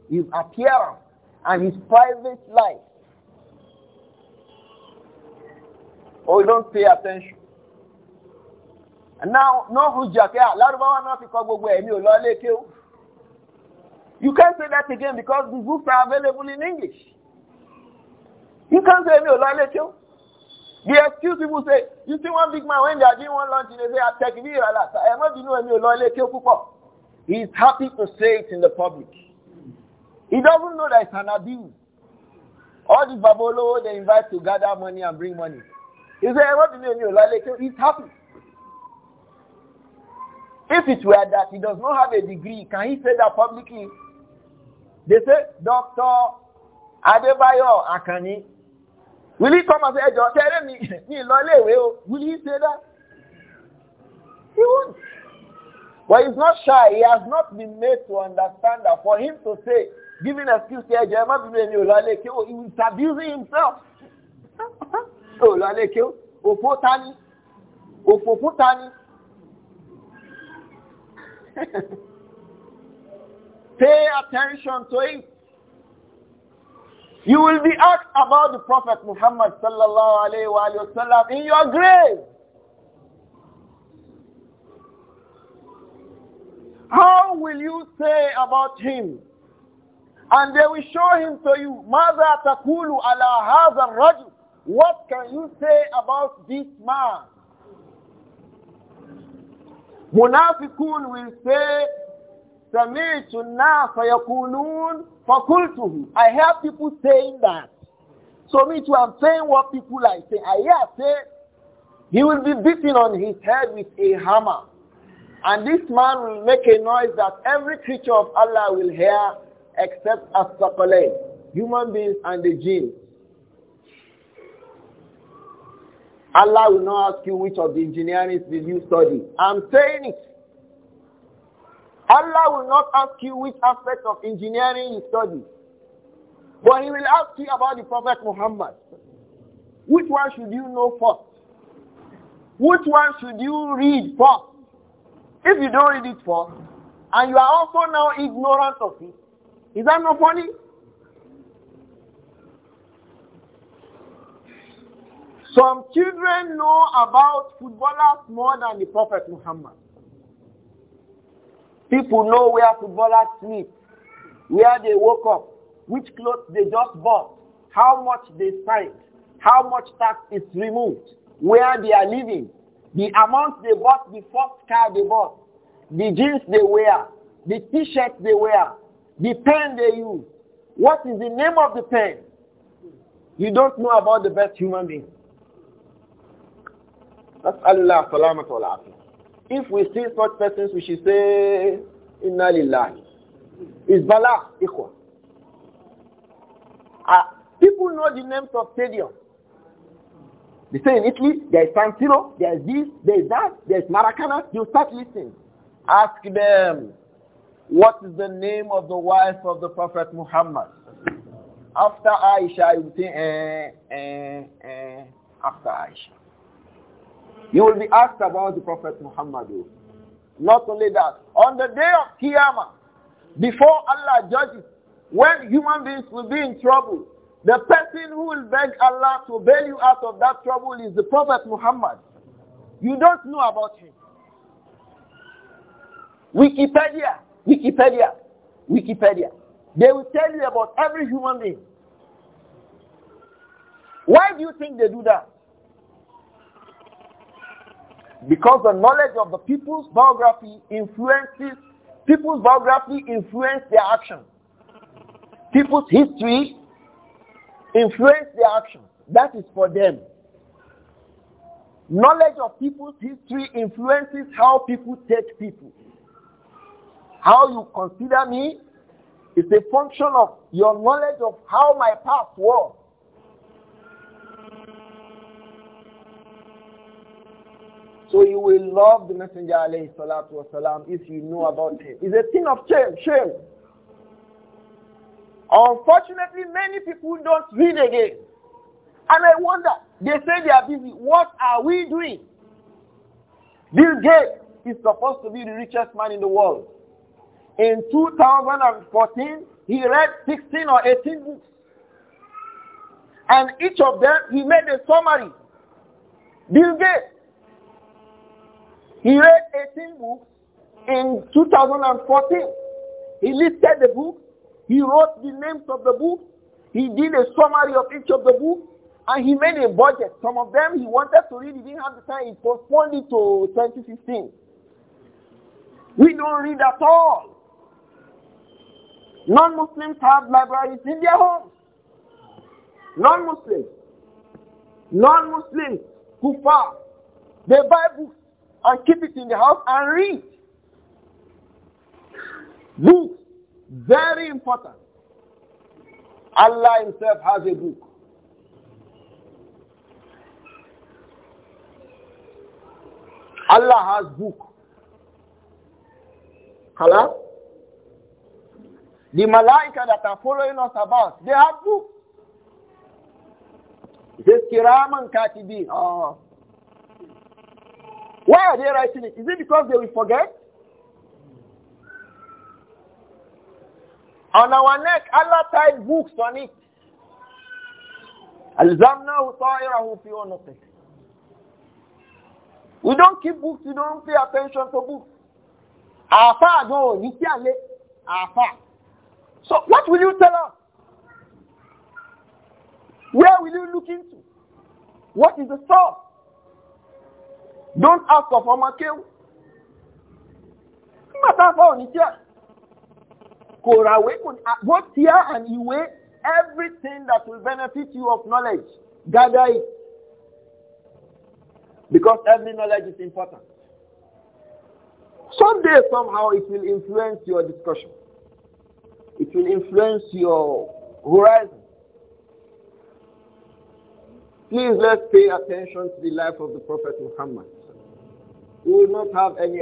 Speaker 1: his appearance and his private life. Or oh, don't pay attention. And now, no hujja ke You can't say that again because the books are available in English. You can't say ẹ̀mí ò lọ lékè o the excuse people say, you see one big man when they are doing one lunch and they say, a lot. I am not ẹ̀mí olóòlé kí ó púpọ̀. He is happy to say it in the public. He doesn't know that it's an abuse. All the babolo they invite to gather money and bring money. He said, I má bínú ẹ̀mí olóòlé kí He's happy. If it were that he does not have a degree, can he say that publicly? They say, Dr. Adebayo Akani, Will he come and say, Ẹjọ́ tell mi me, lọ iléèwé Will he say that? He won't. But he's not shy. He has not been made to understand that for him to say, giving excuse to Ẹjọ́, he is abusing himself. Ò lọ iléèké Oh, lo ileeke ofo tani, òfò tani. Pay attention to it. You will be asked about the Prophet Muhammad sallallahu alayhi wa sallam in your grave. How will you say about him? And they will show him to you, ماذا تقول ala هذا What can you say about this man? Munafiqun will say, سمعت الناس يقولون فَقُلْتُهُ I hear people saying that. So me too, I'm saying what people are saying. I hear say, he will be beaten on his head with a hammer. And this man will make a noise that every creature of Allah will hear except as human beings and the jinn. Allah will not ask you which of the engineering did you study. I'm saying it. Allah will not ask you which aspect of engineering you study. But he will ask you about the Prophet Muhammad. Which one should you know first? Which one should you read first? If you don't read it first, and you are also now ignorant of it, is that not funny? Some children know about footballers more than the Prophet Muhammad. People know where footballers sleep, where they woke up, which clothes they just bought, how much they spent, how much tax is removed, where they are living, the amount they bought, the first car they bought, the jeans they wear, the t-shirt they wear, the pen they use. What is the name of the pen? You don't know about the best human being. That's Allah salamat wa if we see such persons, we should say, Inna lillahi. It's Bala, Ikhwa. Uh, people know the names of stadiums. They say in Italy, there is San Siro, there is this, there is that, there is Maracana. You start listening. Ask them, what is the name of the wife of the Prophet Muhammad? After Aisha, you think say, eh, eh, eh, after Aisha. You will be asked about the Prophet Muhammad. Not only that, on the day of Qiyamah, before Allah judges, when human beings will be in trouble, the person who will beg Allah to bail you out of that trouble is the Prophet Muhammad. You don't know about him. Wikipedia, Wikipedia, Wikipedia. They will tell you about every human being. Why do you think they do that? Because the knowledge of the people's biography influences, people's biography influence their action. People's history influence their action. That is for them. Knowledge of people's history influences how people take people. How you consider me is a function of your knowledge of how my past was. So you will love the Messenger alayhi salatu wasalam if you know about him. It's a thing of shame. shame. Unfortunately, many people don't read again. And I wonder, they say they are busy. What are we doing? Bill Gates is supposed to be the richest man in the world. In 2014, he read 16 or 18 books. And each of them, he made a summary. Bill Gates, he read 18 books in 2014. He listed the books. He wrote the names of the books. He did a summary of each of the books. And he made a budget. Some of them he wanted to read, he didn't have the time. He postponed it to 2015. We don't read at all. Non-Muslims have libraries in their homes. Non-Muslims. Non-Muslims. Kufa, They buy books and keep it in the house and read. Book, very important. Allah himself has a book. Allah has book. Hello? The malaika that are following us about, they have books. It says, Kiraman Katibin. Oh. Why are they writing it? Is it because they will forget? On our neck, Allah tied books on it. We don't keep books, we don't pay attention to books. So what will you tell us? Where will you look into? What is the source? Don't ask for former kéwù. Matter tá a fọ́ òní tí ah, both here and ìwé everything that will benefit you of knowledge gather it. Because every knowledge is important. Someday somehow it will influence your discussion. It will influence your horizon. Please let's pay attention to the life of the Prophet Muhammad. We will not have any